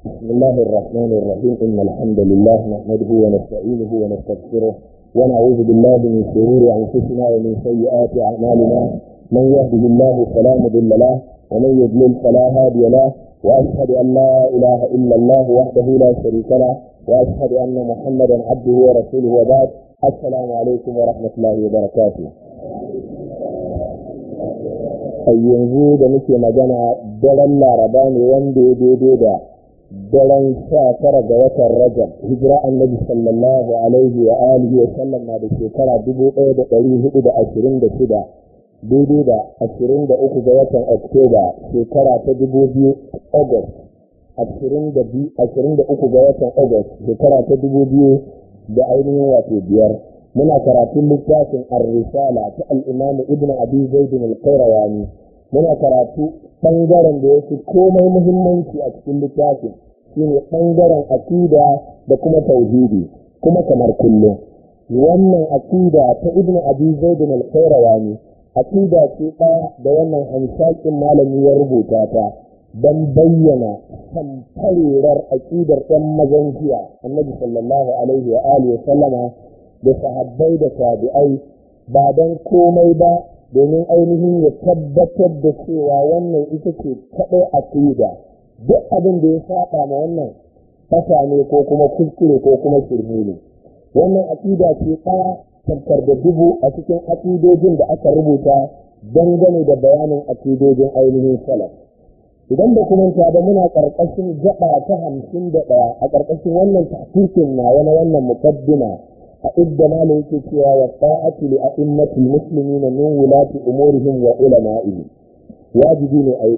بسم الله الرحمن الرحيم إن الحمد لله نحمده ونستعينه ونستغفره ونعوذ بالله من شرور أنفسنا ومن سيئات أعمالنا من يهده الله فلا مضل له ومن يضلل فلا هادي له وأشهد أن لا إله إلا الله وحده لا شريك له وأشهد أن محمدا عبده ورسوله وبعد السلام عليكم ورحمة الله وبركاته a yanzu da muke magana daren laraba ne wanda ya daidai da daren sha tara ga watan rajab hijira annabi sallallahu alaihi wa alihi wa sallam na da shekara dubu ɗaya da ɗari hudu da ashirin da shida daidai da ashirin da uku ga watan oktoba shekara ta dubu biyu agas ashirin da biyu ashirin da uku ga watan agas shekara ta dubu biyu da ainihin wato biyar muna karatun littafin ar-risala ta al-imam ibn abi zaid al-qayrawani muna karatu ɓangaren da ya fi komai muhimmanci a cikin littafin shine ɓangaren akida da kuma tauhidi kuma kamar kullum wannan akida ta ibn abi zaidun al ne akida ce ɗaya da wannan hamsakin malami ya rubuta ta don bayyana tamfarerar akidar ɗan mazan jiya annabi sallallahu alaihi wa alihi sallama da sahabbai da tabi'ai ba don komai ba domin ainihin ya tabbatar da cewa wannan ita ce kaɗai a tuda duk abin da ya saba ma wannan ƙasa ne ko kuma kuskure ko kuma shirme ne wannan aƙida ce ɗaya tabbatar da dubu a cikin aƙidojin da aka rubuta dangane da bayanin aƙidojin ainihin salaf idan da kuma ta da muna ƙarƙashin jaɓa ta hamsin da ɗaya a ƙarƙashin wannan tafsirin na wani wannan mukaddima a idda malu yake cewa wa ta'atu li a'immatil muslimina min wulati umurihim wa ulama'ihim wajibi ne a yi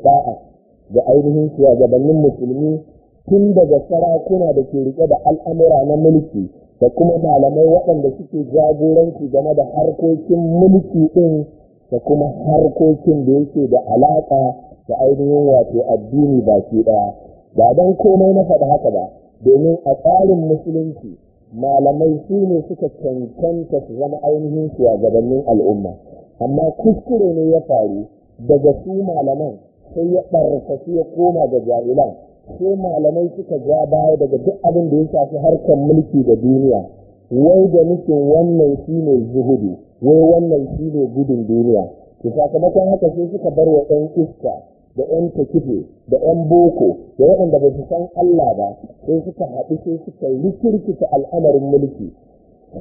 ga ainihin shugabannin musulmi tun daga sarakuna da ke rike da al'amura na mulki da kuma malamai waɗanda suke jagoranci game da harkokin mulki ɗin da kuma harkokin da yake da alaƙa da ainihin wato addini baki ɗaya ba don komai na faɗa haka ba domin a tsarin musulunci malamai su ne suka cancanta su zama ainihin su a gabanin al'umma amma kuskure ne ya faru daga su malaman sai ya su ya koma ga jahilan sai malamai suka ja baya daga duk abin da ya shafi harkar mulki da duniya wai da nufin wannan shi ne zuhudu wai wannan shi ne gudun duniya Su sakamakon haka sai suka bar wa ɗan iska da 'yan takife da 'yan boko da waɗanda ba su san Allah ba sai suka haɗu sai suka yi rikirkita al'amarin mulki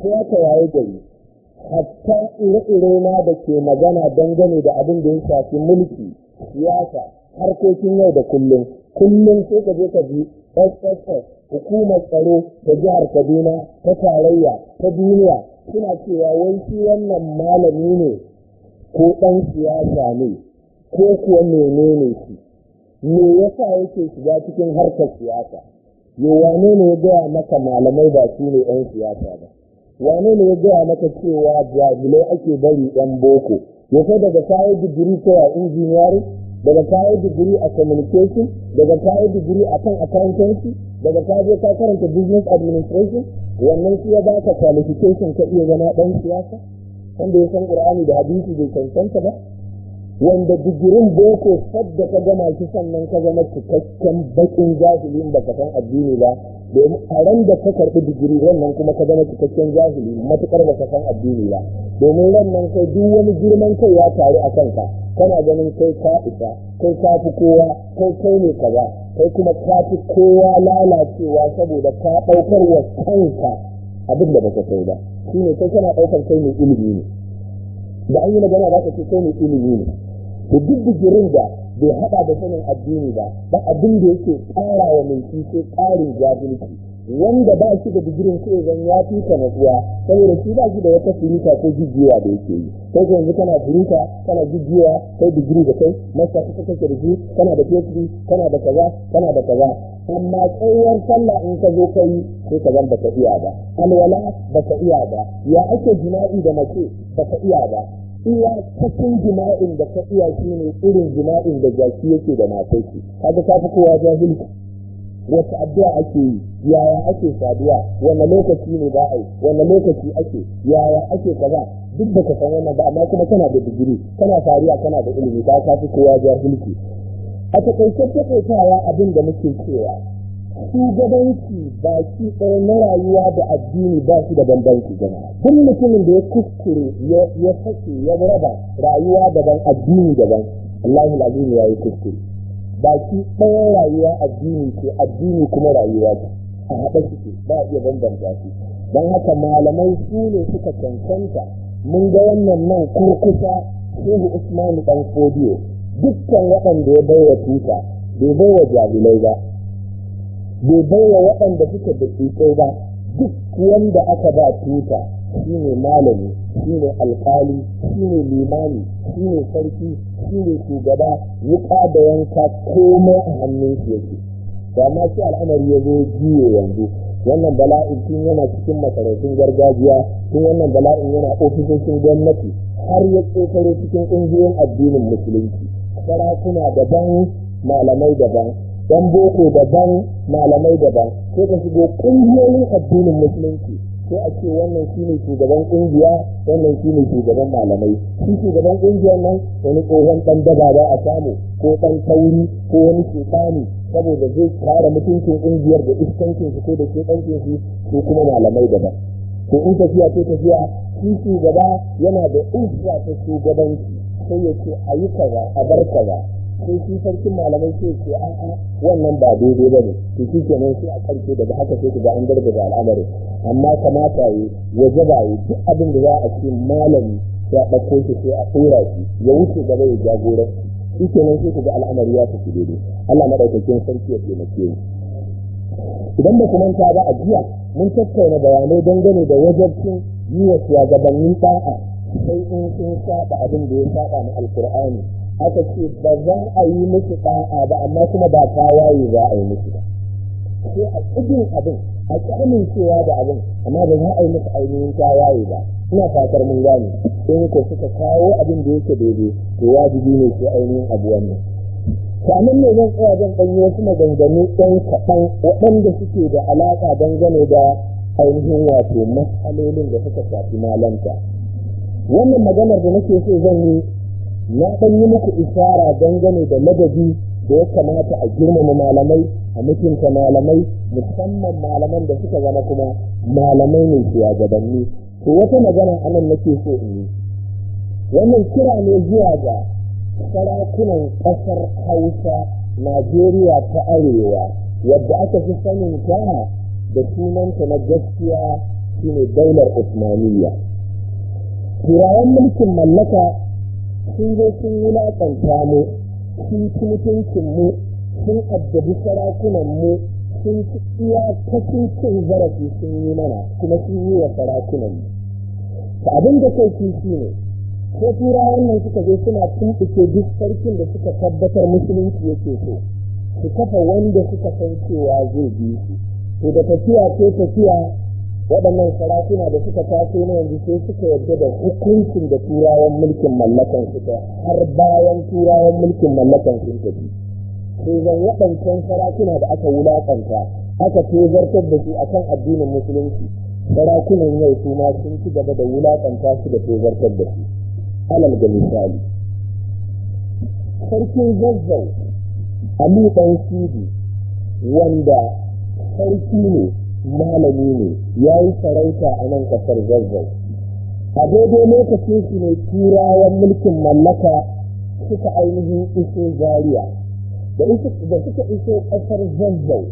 sai aka yayi gari hatta ire-ire na da ke magana dangane da abin da ya shafi mulki siyasa harkokin yau da kullum kullum sai ka je ka ji sss hukumar tsaro ta jihar kaduna ta tarayya ta duniya suna cewa wai shi wannan malami ne ko ɗan siyasa ne ko kuwa menene shi me yasa yake shiga cikin harkar siyasa yo wane ne ya gaya maka malamai ba su ne yan siyasa ba wane ne ya gaya maka cewa jahilai ake bari yan boko ya sai daga kayan digiri ko a injiniyari daga kayan digiri a communication daga kayan digiri a kan accountancy daga ka je ka karanta business administration wannan shi ya baka qualification ka iya zama dan siyasa wanda ya san qur'ani da hadisi bai cancanta ba wanda digirin boko sadda ka gama shi sannan ka zama cikakken bakin jahilin da ka san addini ba domin a ran da ka karɓi digiri wannan kuma ka zama cikakken jahili matukar ba ka san addini ba domin wannan kai duk wani girman kai ya taru a kanka kana ganin kai ka isa kai ka fi kowa kai kai ne kaza kai kuma ka fi kowa lalacewa saboda ka ɗaukar wa kanka abin da baka kai ba shine kai kana ɗaukar kai mai ilimi ne da an yi magana za ka ce kai mai ilimi ne to duk digirin da bai haɗa da sanin addini ba ba abin da yake ƙara wa mai sai ƙarin jahilci wanda ba shi da digirin ko zan ya fi ka zuwa, saboda shi ba shi da wata furuta ko jijiya da yake yi kai ka yanzu kana furuta kana jijiya kai digiri da kai masa kuka kake da shi kana da phd kana da kaza kana da kaza amma tsayuwar sallah in ka zo kai sai ka zan baka iya ba alwala baka iya ba ya ake jima'i da mace baka iya ba iya cikin jima'in da ka iya shi ne irin jima'in da jaki yake da matar ce. kaga ka fi kowa jahilci wata addu'a ake yi yaya ake saduwa wanne lokaci ne ba a yi wanne lokaci ake yaya ake kaza duk da ka san wannan ba amma kuma kana da digiri kana fariya kana da ilimi ba ka fi kowa jahilci a takaice ya abin da muke cewa shugabanci ba shi tsaye na rayuwa da addini ba shi da bambanci gana. duk mutumin da ya kuskure ya fashe ya raba rayuwa daban addini daban Allah lazim ya yi kuskure Ba shi tsaye rayuwa addini ce addini kuma rayuwa ce a haɗa shi ce ba iya bambanta shi don haka malamai su ne suka cancanta mun ga wannan nan kurkusa shehu usman Ɗan fodiyo dukkan waɗanda ya bai wa tuta bai bai wa jahilai ba bai wa waɗanda suka da tsitsai ba duk wanda aka ba tuta shi ne malami shi ne alkali shi ne limani shi ne sarki shi ne shugaba wuka da yanka komai a hannun shi yake da ma shi al'amari ya zo jiye yanzu wannan bala'in tun yana cikin masarautun gargajiya tun wannan bala'in yana ofisoshin gwamnati har ya tsokaro cikin ƙungiyoyin addinin musulunci sarakuna daban malamai daban dan boko daban malamai daban sai ka shigo kungiyoyin addinin musulunci sai a ce wannan shine shugaban kungiya wannan ne shugaban malamai shi shugaban kungiyar nan wani tsohon dan daba ba a samu ko dan tauri ko wani shekani saboda zai kare mutuncin kungiyar da iskancin su ko da shekancin su ko kuma malamai daban ko in tafiya ce tafiya shi shugaba yana da ujja ta shugabanci sai ya ce a yi kaza a bar kaza sai shi sarkin malamai sai ce an an wannan ba daidai ba ne to shi nan sai a karshe daga haka sai ga an gargaza al'amarin amma kamata yi waje ba yi duk abin da za a ce malami ya ɗauko shi sai a tsora shi ya wuce gaba ya jagora shi nan sai ku ga al'amari ya tafi daidai Allah madaukakin sarki ya taimake mu idan ba ku manta ba a jiya mun tattauna bayanai dangane da wajabcin yi wa shugabannin sa'a sai in sun saba abin da ya saba na alkur'ani aka ce ba za a yi musu ɗa'a ba amma kuma ba ta waye za a yi musu ba sai a cikin abin a ƙarmin cewa da abin amma ba za a yi musu ainihin tawaye ba ina fatar mun gane sai ko suka kawo abin da yake daidai to wajibi ne sai ainihin abu wannan sannan ne zan tsaya zan ɗanyi wasu maganganu ɗan kaɗan waɗanda suke da alaƙa dangane da ainihin wato matsalolin da suka shafi malanta wannan maganar da nake so zan yi na san yi muku isara dangane da madadi da ya kamata a girmama malamai a mutunta malamai musamman malaman da suka zama kuma malamai ne shugabanni to wata magana anan nake so in yi wannan kira ne zuwa ga sarakunan ƙasar hausa najeriya ta arewa yadda aka fi sanin ta da sunanta na gaskiya shine daular usmaniyya turawan mulkin mallaka sun zo sun wulaƙanta mu sun ci mutuncin mu sun addabi sarakunan mu sun ci iya kashin cin zarafi sun yi mana kuma sun yi wa sarakunan mu ta abin da kai shi ne ko turawan nan suka zo suna tumɓuke duk sarkin da suka tabbatar musulunci yake so su kafa wanda suka san cewa zai bi su to da tafiya ko tafiya waɗannan sarakuna da suka taso na yanzu sai suka yarda da hukuncin da turawan mulkin mallakan suka har bayan turawan mulkin mallakan sun tafi sai zan waɗancan sarakuna da aka wulaƙanta aka tozartar da su akan addinin musulunci sarakunan yau su ma sun ci gaba da wulaƙanta su da tozartar da su alal ga misali sarkin zazzau ali ɗan sidi wanda sarki ne malami ne ya yi sarauta a nan kasar zazzau a daidai lokacin su ne turawan mulkin mallaka suka ainihin iso Zariya, da suka iso kasar zazzau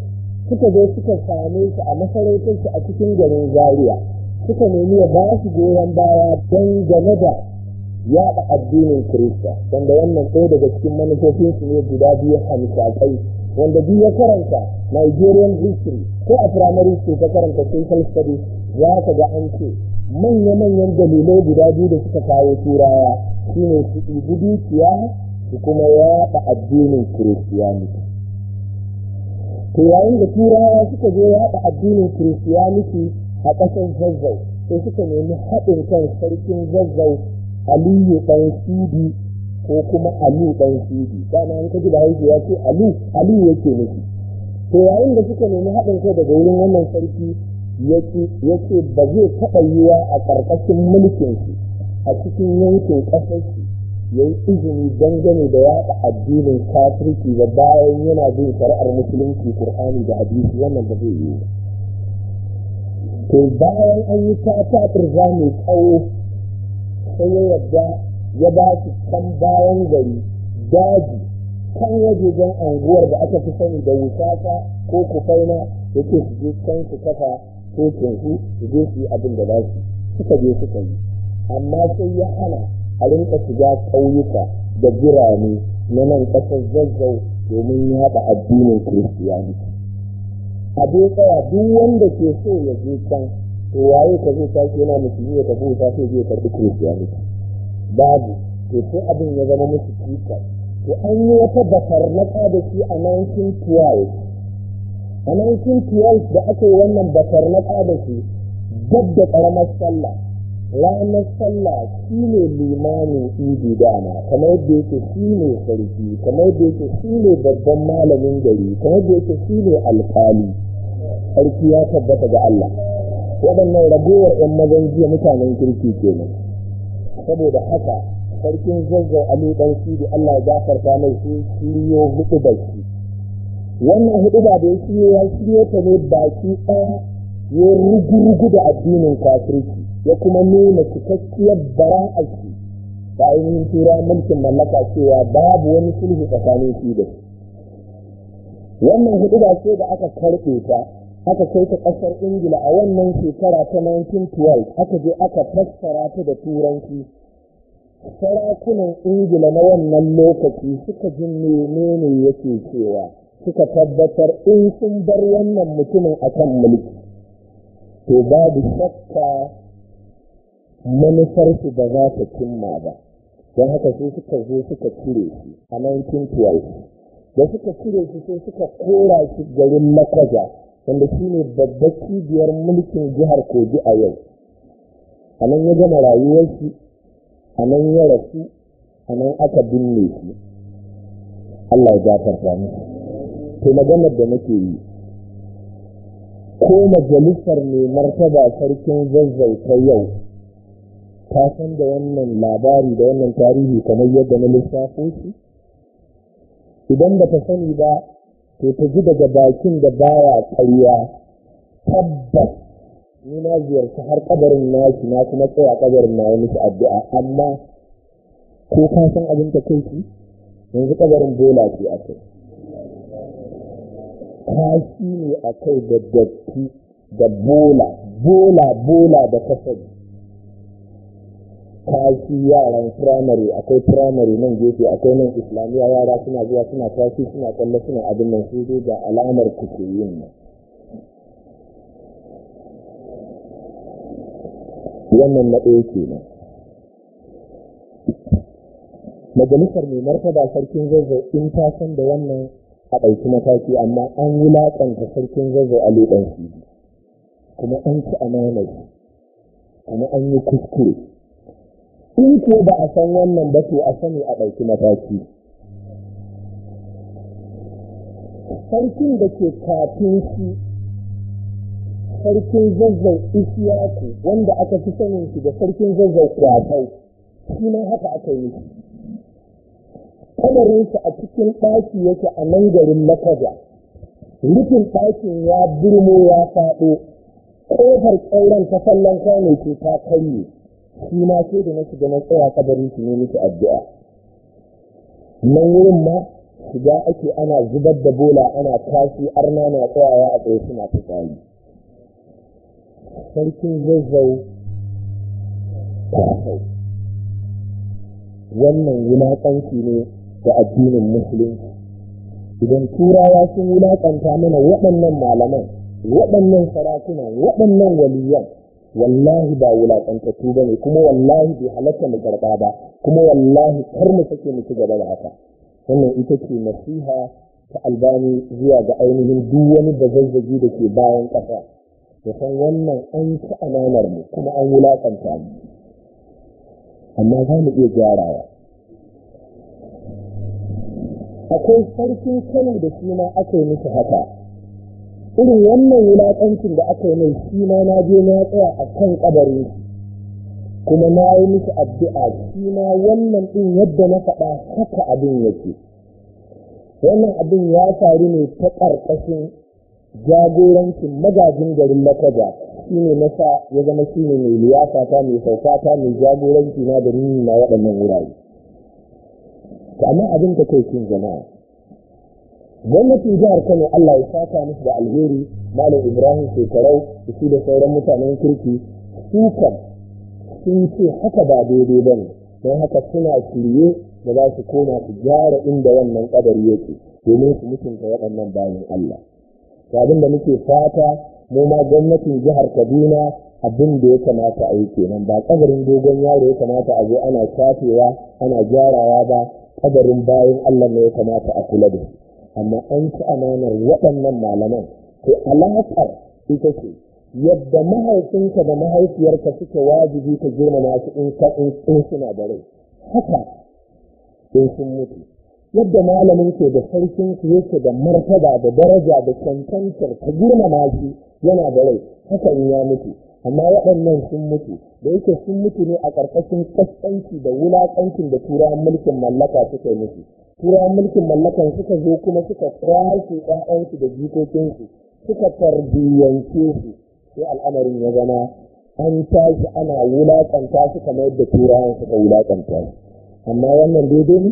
suka zo suka same su a masarautar shi a cikin garin Zariya, suka nemi ya ba shi goyon baya don game da yaɗa addinin kirista wanda wannan ɗaya daga cikin manufofin su ne guda biyu kai wanda duk ya karanta Nigerian history ko a primary school ta karanta social studies za ka ga an ce manya-manyan dalilai guda biyu da suka kawo turawa shi shine su ɗibi dukiya su kuma yaɗa addinin kiristiyaniti to yayin da turawa suka zo yaɗa addinin kiristiyaniti a ƙasar zazzau sai suka nemi haɗin kan sarkin zazzau aliyu ɗan sidi ko kuma alu dan sidi dama an kaji da haihu ya ce alu alu yake nufi to yayin da suka nemi haɗin kai daga wurin wannan sarki yake ba zai taɓa yiwa a ƙarƙashin mulkinsu a cikin yankin ƙasarsu ya yi izini dangane da yaɗa addinin kafirci da bayan yana bin shari'ar musulunci kur'ani da hadisi wannan ba zai yi to bayan an yi ta mai tsawo sai ya yarda ya ba su kan bayan gari daji kan don anguwar da aka fi sani da wusasa ko kufaina ya ce su je kan su kafa ko su su je su yi abin da suka je suka yi amma sai ya hana a rinka shiga ƙauyuka da birane na nan ƙasar zazzau domin ya haɗa addinin kiristiyaniti a dai tsaya duk wanda ke so ya je can to waye ka zai sake yana musulmi ya tafi wuta sai zai karɓi kiristiyani babu to sai abin ya zama musu cikar to an yi wata bakar na da shi a 1912 a 1912 da aka yi wannan bakar na da shi duk da ƙaramar sallah ranar sallah shi ne limamin idi dama kamar yadda yake shi ne sarki kamar yadda yake shi ne babban malamin gari kamar yadda yake shi ne alƙali sarki ya tabbata ga Allah waɗannan ragowar 'yan mazan jiya mutanen kirki kenan saboda haka sarkin zazzau ali dan da Allah ya gafarta mai shi shiryo hudu shi. wannan hudu da ya shiryo ya shiryo ta ne baki ɗaya ya rugurugu da addinin kafirci ya kuma nuna cikakkiyar shi ta ainihin tura mulkin mallaka cewa babu wani sulhu tsakanin shi da shi. wannan hudu da ce da aka karɓe ta aka kai ta ƙasar ingila a wannan shekara ta 1912 aka je aka fassara ta da turanci sarakunan ingila na wannan lokaci suka ji menene yake cewa suka tabbatar in sun bar wannan mutumin a kan mulki to babu shakka manufarsu ba za ta cimma ba don haka sai suka zo suka cire shi a 1912 da suka cire shi sai suka kora shi garin makwaja wanda shi ne babbar cibiyar mulkin jihar kogi a yau a nan ya gama rayuwarsu a nan ya rasu a nan aka binne shi allah ya gafarta musu to maganar da nake yi ko majalisar ne martaba sarkin zazzauta yau ta san da wannan labari da wannan tarihi kamar yadda na lissafo shi idan ba ta sani ba to ta ji daga bakin da baya karya tabbas ni na ziyarci har kabarin shi, na kuma tsaya kabarin na yi shi addu'a amma ko ka san abin ta kai shi yanzu kabarin bola ce a kai kashi ne a kai da datti da bola bola bola da kasari tashi yaran firamare akwai firamare nan gefe akwai nan islamiyya yara suna zuwa suna tashi suna kwallo, suna abin nan su dai da alamar kuke yin nan wannan na ɗaya nan majalisar mai martaba sarkin zazzau in ta san da wannan a ɗauki mataki amma an wulaƙanta sarkin zazzau a leɓen kuma an ci amanar kuma an yi kuskure in ko ba a san wannan ba to a sani a ɗauki mataki sarkin da ke kafin shi sarkin zazzau isiyaku wanda aka fi sanin shi da sarkin zazzau kwatau shi ma haka aka yi kamarinsa a cikin ɗaki yake a nan garin makaja rufin ɗakin ya birmo ya faɗo ƙofar ƙauren ta fallon kwanaki ta karye shi ma sai da na shiga na tsaya kabarin shi ne miki addu'a nan wurin ma shiga ake ana zubar da bola ana tashi arna na tsayawa a tsaye suna fitsari sarkin zazzau kwasau wannan wulaƙanci ne da addinin musulunci idan turawa sun wulaƙanta mana waɗannan malaman waɗannan sarakuna waɗannan waliyan wallahi ba wulaƙantattu ba ne kuma wallahi bai halatta mu karɓa ba kuma wallahi kar mu sake mu ci gaba da haka wannan ita ce nasiha ta albani zuwa ga ainihin duk wani bazazzagi da ke bayan ƙasa da san wannan an ci amanar mu kuma an wulaƙanta mu amma za mu iya gyarawa akwai sarkin kano da shi ma aka yi musu haka irin wannan wulaƙancin da aka yi mai shi ma na je na tsaya a kan ƙabarin kuma na yi musu addu'a shi ma wannan ɗin yadda na faɗa haka abin yake wannan abin ya faru ne ta ƙarƙashin jagorancin magajin garin lakaja shi ne na sa ya zama shi ne mai liyafa ta mai saukata mai jagoranci na da nuna waɗannan wurare amma abin ta kai jama'a gwamnatin jihar kano allah ya saka musu da alheri malam ibrahim shekarau da su da sauran mutanen kirki su kan sun ce haka ba daidai ba ne don haka suna shirye da za su koma su gyara inda wannan kadari yake domin su mutunta waɗannan bayan allah abin da muke fata mu ma gwamnatin jihar kaduna abin da ya kamata a yi kenan ba kadarin dogon yaro ya kamata a zo ana shafewa ana gyarawa ba kadarin bayan allah ne ya kamata a kula da shi amma an ci amanar waɗannan malaman ko alamar ita ce yadda mahaifinka da mahaifiyarka suke wajibi ta girmama su in ka in suna da rai haka in sun mutu yadda malamin ke da sarkin su yake da martaba da daraja da cancantar ka girmama shi yana da rai haka in ya mutu amma waɗannan sun mutu da yake sun mutu ne a ƙarƙashin kaskanci da wulaƙancin da turawan mulkin mallaka suka mutu turawan mulkin mallakan suka zo kuma suka kwashe ɗan'ansu da jikokinsu suka tarbiyyance su sai al'amarin ya zama an tashi ana wulaƙanta su kamar yadda turawan suka wulaƙanta su amma wannan daidai ne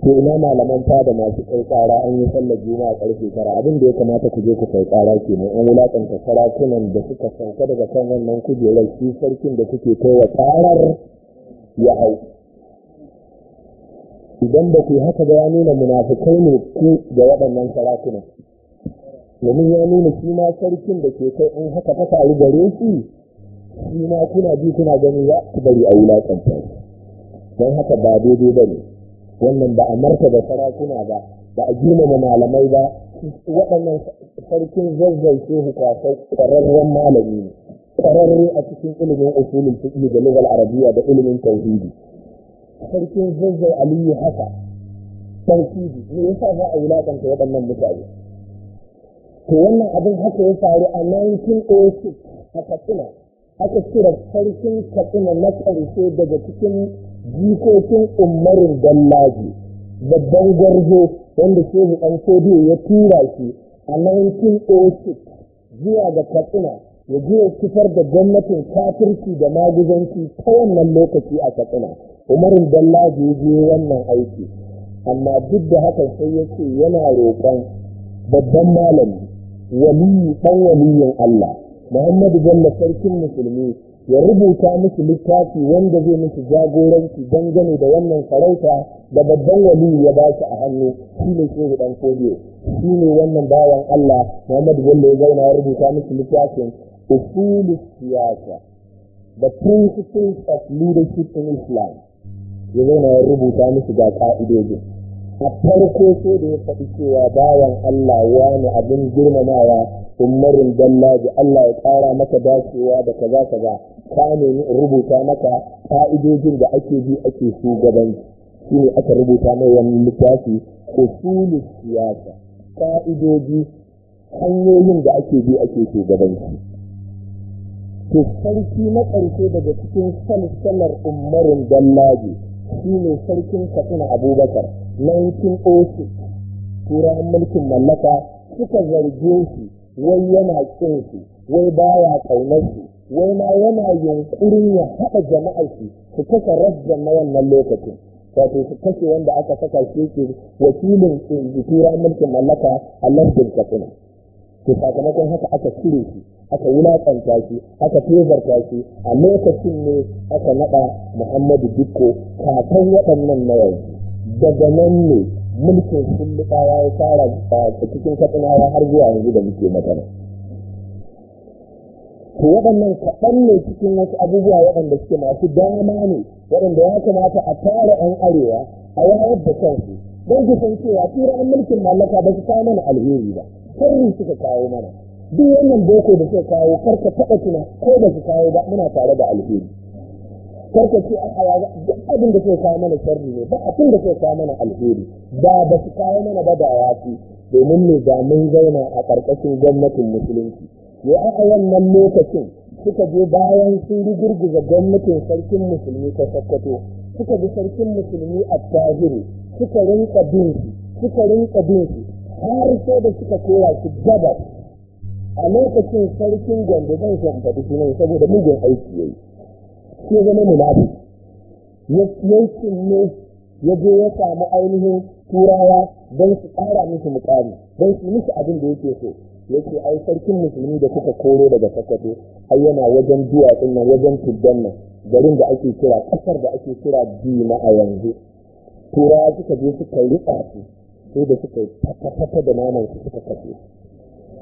ko ina malaman ta da masu ƙarƙara an yi sallar a karfe tara abin da ya kamata ku je ku kai tsara ke mai an wulakanta sarakunan da suka sauka daga kan wannan kujerar shi sarkin da kuke kai wa tarar ya hau idan ba ku haka ba ya nuna munafukai ne ku da waɗannan sarakunan domin ya nuna shi ma sarkin da ke kai in haka ta faru gare shi shi ma kuna bi kuna gani ya ku bari a wulakanta don haka ba daidai ba ne wannan ba a martaba sarakuna ba ba a girmama malamai ba waɗannan sarkin zazzai shehu kwasai ƙwararren malami ne ƙwararre a cikin ilimin usulin fiqh da lugal arabiya da ilimin tauhidi sarkin zazzai aliyu haka tauhidi ne yasa za a wulaƙanta waɗannan mutane to wannan abin haka ya faru a 1906 a katsina aka cire sarkin katsina na ƙarshe daga cikin jikokin umarin dallaji babban gwarzo wanda shehu ɗan sodiyo ya tura shi a 1906 zuwa ga katsina ya ji ya kifar da gwamnatin kafirci da maguzanci ta wannan lokaci a katsina umarin dallaji ya je wannan aiki amma duk da haka sai ya ce yana roƙon babban malami waliyu ɗan waliyin allah muhammadu bello sarkin musulmi ya rubuta musu littafi wanda zai miki jagoranci dangane da wannan sarauta da babban wali ya ba shi a hannu shi ne shehu dan kodiyo shi ne wannan bawan Allah Muhammadu Bello ya zauna ya rubuta musu littafin usulu siyasa the principles of leadership in Islam ya zauna ya rubuta musu ga ka'idojin a farko ko da ya faɗi cewa bayan Allah ya ne abin girmamawa umarin dallaji Allah ya ƙara maka dacewa da ka za ka Ka nemi rubuta maka ka'idojin da ake bi ake shugabanci shi ne aka rubuta mai wani littafi usulul siyasa ka'idoji hanyoyin da ake bi ake shugabanci to sarki na ƙarshe daga cikin salsalar umarin dallaji shi ne sarkin katsina abubakar 1906 turan mulkin mallaka suka zarge shi wai yana kin shi wai baya kaunar shi wai ma yana yunkurin ya haɗa jama'ar shi su kasa rajjan na wannan lokacin wato su kashe wanda aka saka shi ke wakilin turan mulkin mallaka a lardin katsina to sakamakon haka aka cire shi aka wulaƙanta shi aka tozarta shi a lokacin ne aka naɗa muhammadu dukko kakan waɗannan na daga nan ne mulkin sulluɓawa ya fara a cikin katsinawa har zuwa yanzu da muke magana to waɗannan kaɗan ne cikin wasu abubuwa waɗanda suke masu dama ne waɗanda ya kamata a tara ɗan arewa a wayar da kansu don su san cewa turan mulkin mallaka ba su kawo mana alheri ba sharri suka kawo mana duk wannan boko da suka kawo kar ka taɓa tuna ko da su kawo ba muna tare da alheri kar ce a yaga duk abin da suka kawo mana sharri ne ba abin da suka kawo mana alheri da ba su kawo mana ba da yafi domin ne ga mun zauna a ƙarƙashin gwamnatin musulunci ya a wannan lokacin suka je bayan sun girgiza gwamnatin sarkin musulmi ta sakkwato suka bi sarkin musulmi a tajiri suka rinka bin suka rinka bin har sai da suka koya shi gaba a lokacin sarkin gwande zan san faɗi sunan saboda mugun aiki yayi sai zama munafi ya yi ne ya je ya samu ainihin turawa don su ƙara musu mukami don su musu abin da yake so yake ai sarkin musulmi da kuka koro daga sakwato ai yana wajen duwatsun nan wajen tuddan nan garin da ake kira ƙasar da ake kira dima a yanzu turawa suka je suka riƙa su sai da suka fata da naman su suka kashe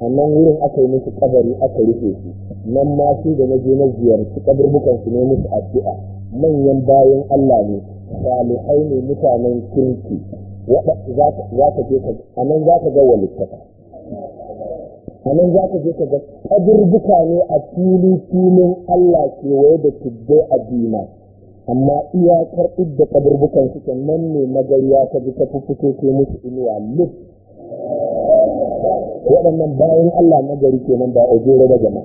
a nan wurin aka yi musu kabari aka rufe su nan ma su da na je na ziyarci kaburbukan su ne musu addu'a manyan bayan Allah ne salihai ne mutanen kirki za ka je ka a nan za ka ga walittaka a nan za ka je ka ga kaburbuka ne a fili filin Allah kewaye da tuddai a dina amma iyakar idda kaburbukan su nan ne magariya ta ji ta fito ke musu inuwa lif waɗannan bayan Allah nagari kenan ba jere da jama'a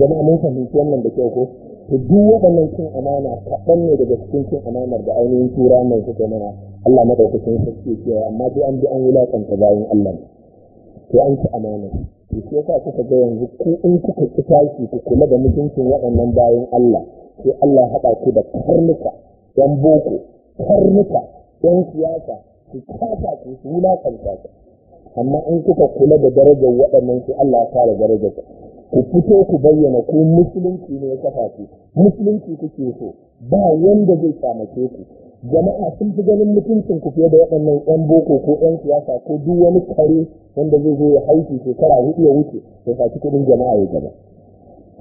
jama'a mun fahimci wannan da kyau ko to duk waɗannan cin amana kaɗan ne daga cikin cin amanar da ainihin tura mai suka mana Allah madaukakin ke cewa amma dai an bi an wulaƙanta bayan Allah to an ci amana to shi yasa kuka ga yanzu ko in kuka ki tashi ku kula da mutuncin waɗannan bayan Allah sai Allah haɗa ku da karnuka yan boko karnuka yan siyasa su kasa ku su wulaƙanta ka. amma in kuka kula da darajar waɗannan sai Allah ya darajar ku ku fito ku bayyana ku musulunci ne ya kafa ku musulunci kuke so ba wanda zai kyamace ku jama'a sun fi ganin mutuncin ku fiye da waɗannan 'yan boko ko ɗan siyasa ko duk wani kare wanda zai zo ya haifi shekara hudu ya wuce ya faci kuɗin jama'a ya gaba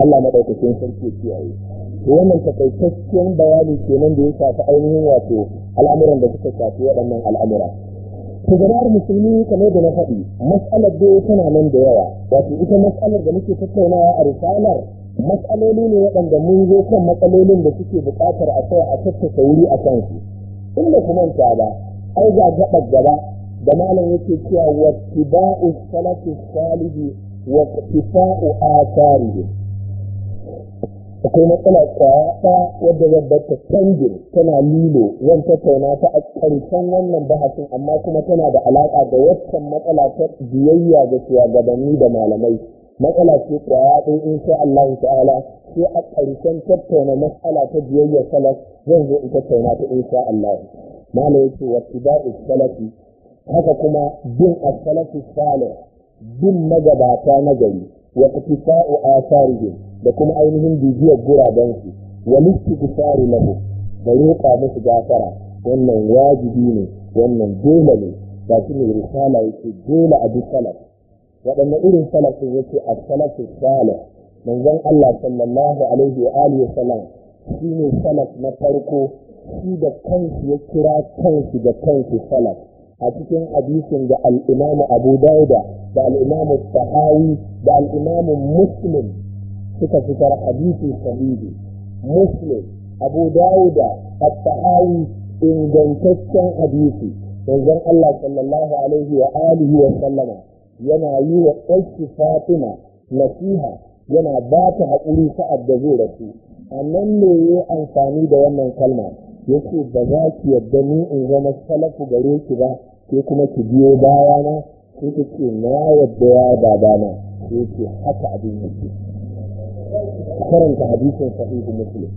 Allah madaukakin sarki ya kiyaye wannan takaitaccen bayani kenan da ya shafi ainihin wato al'amuran da suka shafi waɗannan al'amura jama'ar musulmi kamar da na faɗi mas'alar da tana nan da yawa wato ita mas'alar da muke tattaunawa a risalar mas'aloli ne waɗanda mun zo kan matsalolin da suke buƙatar a kai a tattaka wuri a kansu inda kuma manta ba ai ga gaɓa gaba da malam yake cewa wa tiba'u salafi salihi wa akwai matsala kwaya ɗaya wadda wadda ta canjin tana lilo zan tattauna ta a ƙarshen wannan bahasin amma kuma tana da alaƙa da waccan matsala ta biyayya da shugabanni da malamai matsala ce kwaya ɗin in sha Allah ta'ala sai a ƙarshen tattauna matsala ta biyayya salaf zan zo in tattauna ta in sha Allah malai yake wa tibau salafi haka kuma bin as salafi salih bin magabata na gari wa iktisa'u atharihim da kuma ainihin bibiyar guraben su wa listighfar lahu da roƙa musu gafara wannan wajibi ne wannan dole ne ba shi ne risala yake dole a duk salaf waɗanne irin salafin yake a salafu salih manzon Allah sallallahu alaihi wa alihi wasallam shine salaf na farko shi da kansu ya kira kansu da kansu salaf a cikin hadisin da al'imamu abu dauda da al'imamu sahawi da al'imamu muslim suka fitar hadisi sahihi muslim abu dauda sahawi ingantaccen hadisi manzon Allah sallallahu alaihi wa alihi wa sallama yana yi wa ɗauki fatima nasiha yana ba ta haƙuri sa'ad da zai rasu a nan ne ya amfani da wannan kalma yake ba za ki yadda ni in zama salafu gare ki ba ke kuma ki biyo bayana ko ta ce na yadda ya na ko ce haka abin yake karanta hadisin sahihu muslim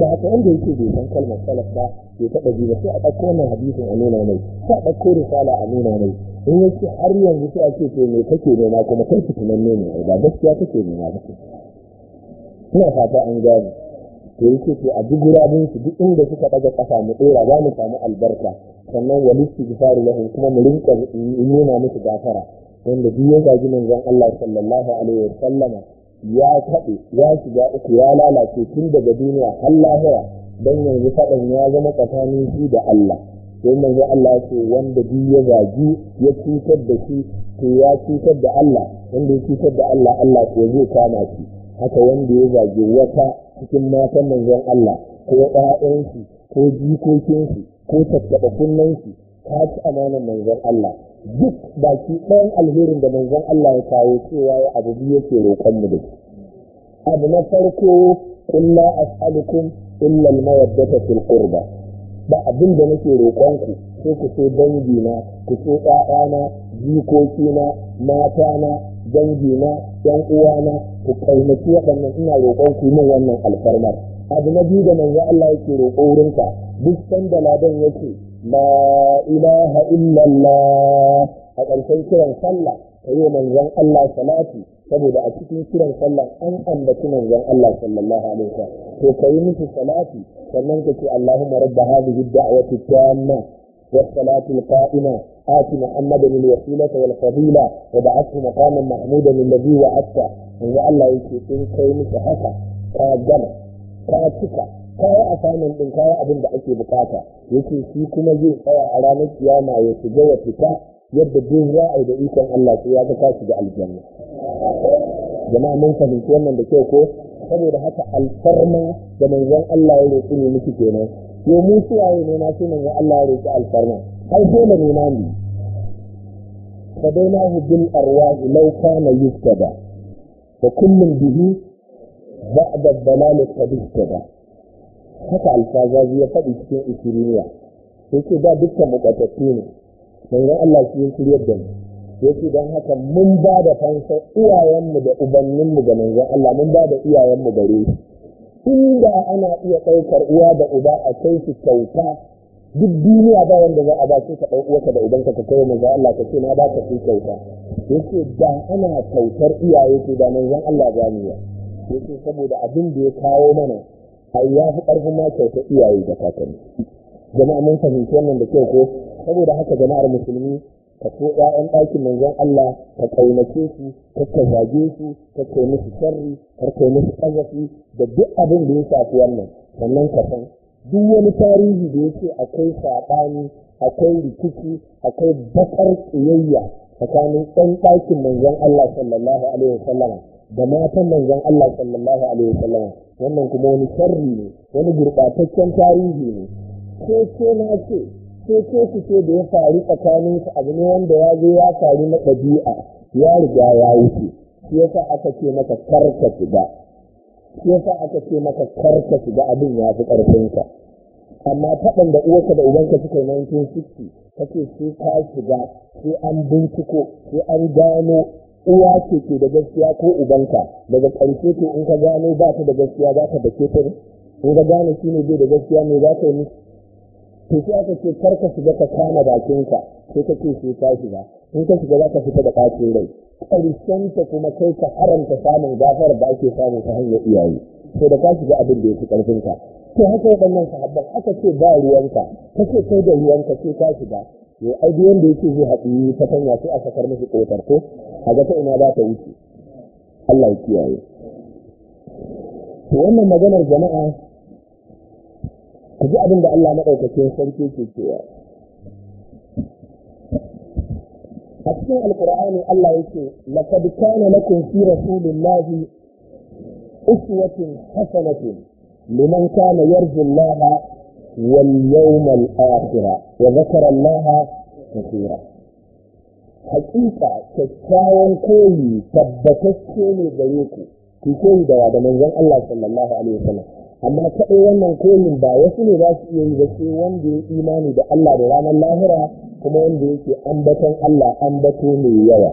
da haka wanda yake bai san kalmar salaf ba bai taɓa ji ba sai a ɗauko wannan hadisin a nuna mai sai a ɗauko risala a nuna mai in yake har yanzu sai a ce to me kake nema kuma kai ki tunanne ne ba gaskiya kake nema ba ina fata an gane to yake to a duk gurabin su duk inda suka daga ƙasa mu dora za mu samu albarka sannan wal faru lahum kuma mu rinka nuna musu gafara wanda duk ya gaji manzon Allah sallallahu alaihi wa sallama ya kaɗe ya shiga uku ya lalace tun daga duniya har lahira dan yanzu faɗan ya zama tsakanin shi da Allah sai manzo Allah ce wanda duk ya zagi ya cutar da shi to ya cutar da Allah wanda ya cutar da Allah Allah ko zai kama shi haka wanda ya zagi wata cikin matan manzon Allah ko ƴaƴansu ko jikokinsu ko tattaɓa kunnansu ka ci amanar manzon Allah duk baki ɗayan alherin da manzon Allah ya kawo cewa ya abu biyu yake roƙon mu da shi abu na farko kun a tsalikun illa al fil ba abin da nake roƙon ku sai ku so dangina na ku so ƴaƴana jikokina matana dangina yan uwana ku kaunaci waɗannan ina roƙon ku min wannan alfarmar abu na biyu da manzo Allah yake roƙo wurinka duk da ladan yake la ilaha illallah a ƙarshen kiran sallah ka yi manzon Allah salati saboda a cikin kiran sallah an ambaci manzon Allah sallallahu alaihi wasallam to ka musu salati sannan ka ce Allahumma rabb hadhihi ad-da'wati tamma was salati al آت محمدا الوسيلة والفضيلة وبعثه مقاما محمودا الذي وعدته yanzu Allah yake sun kai musu haka ka gama ka cika ka din ka abin da ake bukata yake shi kuma zai tsaya a ranar kiyama ya shiga ya fita yadda duk za a yi da ikon Allah sai ya ga ka shiga aljanna jama'a mun fahimci wannan da kyau ko saboda haka alfarma da manzon Allah ya roƙi ne miki kenan yo mu suwaye ne na sunan Allah ya roƙi alfarma ai dole ne na ni fa dai na hubbil arwahi law kana yustada fa kullun bihi ba'da dalal qad haka alfazazi ya faɗi cikin isiriya sai ce ba dukkan bukatattu ne manzon Allah shi ya shirya da mu ce don haka mun ba da fansa iyayenmu da ubanninmu ga manzon Allah mun ba da iyayenmu gare shi inda ana iya ɗaukar uwa da uba a kai su kyauta duk duniya ba wanda za a ba ka ɗan da idan ka kai maza Allah ka ce na ba ka fi kyauta yace da ana kyautar iyaye ce da manzon Allah za mu Ya yace saboda abin da ya kawo mana ai ya fi ƙarfin ma iyaye da kakanni jama'a mun fahimci wannan da kyau ko saboda haka jama'ar musulmi ka so ƴaƴan ɗakin manzon Allah ka ƙaunace su ka kazage su ka kai musu sharri ka kai musu ƙazafi da duk abin da ya shafi wannan sannan ka san duk wani tarihi da yake akwai saɓani akwai rikici akwai bakar tsiyayya tsakanin ɗan ɗakin manzon Allah sallallahu alaihi wasallam da matan manzon Allah sallallahu alaihi wasallam wannan kuma wani sharri ne wani gurɓataccen tarihi ne ko ko na ce ko ko su ce da ya faru tsakanin su abu ne wanda ya zo ya faru na ɗabi'a ya riga ya wuce shi yasa aka ce maka karka shiga shi yasa aka ce maka karka shiga abin ya fi ƙarfinka amma taɓan da uwarka da ubanka suka yi 1960 kake sai ka shiga sai an binciko sai an gano uwa ce ke da gaskiya ko ubanka daga ƙarshe to in ka gano ba ta da gaskiya za ka ke ta in ka gano shi ne bai da gaskiya ne za ka yi to sai aka ce kar ka shiga ka kama bakinka sai ka ce sai ka shiga in ka shiga za ka fita da ɓacin rai ƙarshen kuma kai ka haranta samun gafar da ake samu ta hanyar iyaye sai da ka shiga abin da ya fi ƙarfinka to haka waɗannan sahabban aka ce ba ruwanka ka ce kai da ruwanka sai ka shiga to ai duk wanda yake zai haɗu ta sanya sai a sakar masa ƙofar ko a ga ta ina za ta wuce Allah ya kiyaye to wannan maganar jama'a ku ji abin da Allah maɗaukakin sarki ke cewa a cikin Alƙur'ani Allah yake laqad kana lakum fi rasulillahi uswatun hasanatun liman kana yarju Allah wal yawmal akhir wa dhakara Allah hakika kyakkyawan koyi tabbatacce ne gare ku ku koyi da manzon Allah sallallahu alaihi wasallam amma kaɗai wannan koyin ba wasu ne za su iya yi ba sai wanda ya imani da Allah da ranar lahira kuma wanda yake ambaton Allah ambato mai yawa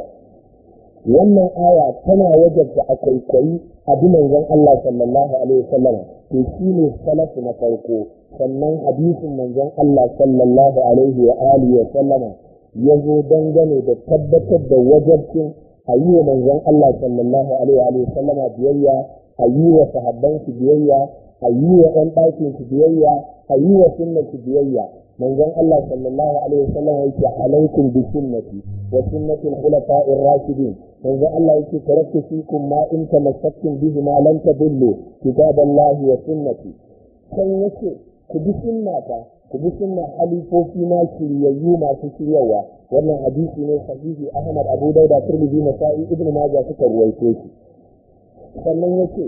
wannan aya tana da a kwaikwayi abu manzon Allah sallallahu alaihi wasallam to shi ne salafu na farko sannan hadisin manzon Allah sallallahu alaihi wa alihi wasallam ya zo dangane da tabbatar da wajabcin a yi wa manzon Allah sallallahu alaihi wasallam biyayya a yi wa sahabban su biyayya a yi wa ɗan ɗakin su biyayya a yi wa sunna su biyayya manzon Allah sallallahu alaihi wasallam yake alaikum bi sunnati wa sunnati al-khulafa'ir rashidin manzon Allah yake shi kun ma in tamassaktum bihi ma lan tadullu kitaballahi wa sunnati sai yake ku bi ta ku bi sunnar halifofi na shiryayyu masu shiryawa wannan hadisi ne sahihi Ahmad Abu da Tirmidhi Nasa'i Ibnu Majah suka ruwaito shi sannan yake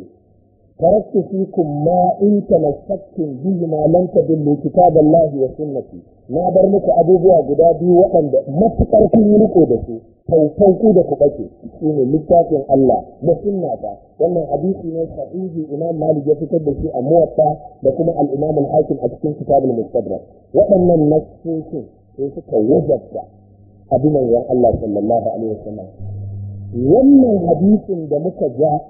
taraktu fikum ma in tamassaktum bihi ma lam tadillu kitaballahi wa sunnati na bar muka abubuwa guda biyu waɗanda matuƙar kun yi riko da su tautauku da ku bace shine littafin Allah da sunnata wannan hadisi ne sahihi Imam Malik ya fitar da shi a Muwatta da kuma al-Imam hakim a cikin Kitabul Mustadrak waɗannan nassosin sai suka wajabta abin Allah sallallahu alaihi wasallam wannan hadisin da muka ja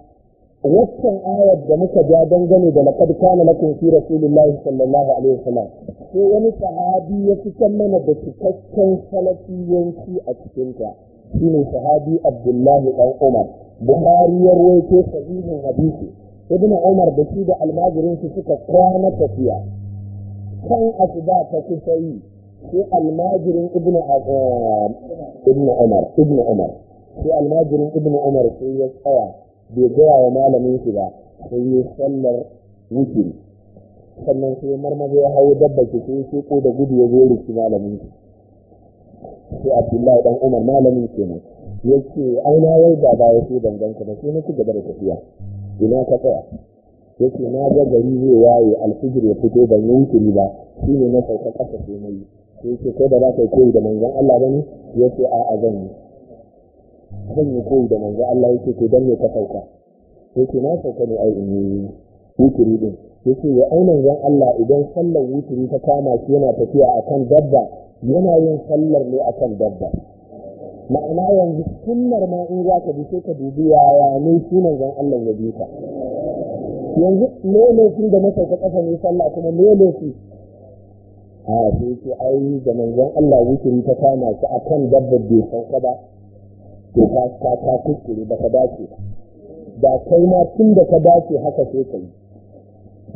waccan ayar da muka ja dangane da laqad kana lakum fi rasulillahi sallallahu alaihi wasallam sai wani sahabi ya fitar mana da cikakken salafiyanci a cikin ta shine sahabi abdullahi dan umar buhari ya rawaito sahihin hadisi ibn umar da shi da almajirin su suka kwana tafiya kan asuba ta kusa yi eh, sai almajirin ibn umar umar sai almajirin umar sai ya tsaya bai gaya wa malamin shi ba sai yi sallar wukiri sannan sai marmari ya hau dabba ke sai shi ko da gudu ya zo su malamin shi sai abdullahi dan umar malamin kenan ya ce ai na yau da ba ya ce danganta ba sai na ci da tafiya ina ka tsaya ya ce na ga gari zai waye alfijir ya fito ban yi wukiri ba shi ne na sauka ƙasa sai na yi sai ce ko da za ka yi koyi da manzon allah ba ne ya ce a'a zan yi zan yi koyi da manzo Allah yake to dan ne ka sauka yake na sauka ne ai in yi wuturi din yake ya aunan zan Allah idan sallar wuturi ta kama shi yana tafiya akan dabba yana yin sallar ne akan dabba ma'ana yanzu sunnar ma in za ka bi sai ka dubi yaya ne sunan zan Allah ya bi ka yanzu ne sun da masauka ƙasa ne sallah kuma ne shi a sai ce ai da manzon Allah wuturi ta kama shi akan dabba bai sauka ba to ka ka ka kuskure ba ka dace ba da kai ma tun da ka dace haka sai kai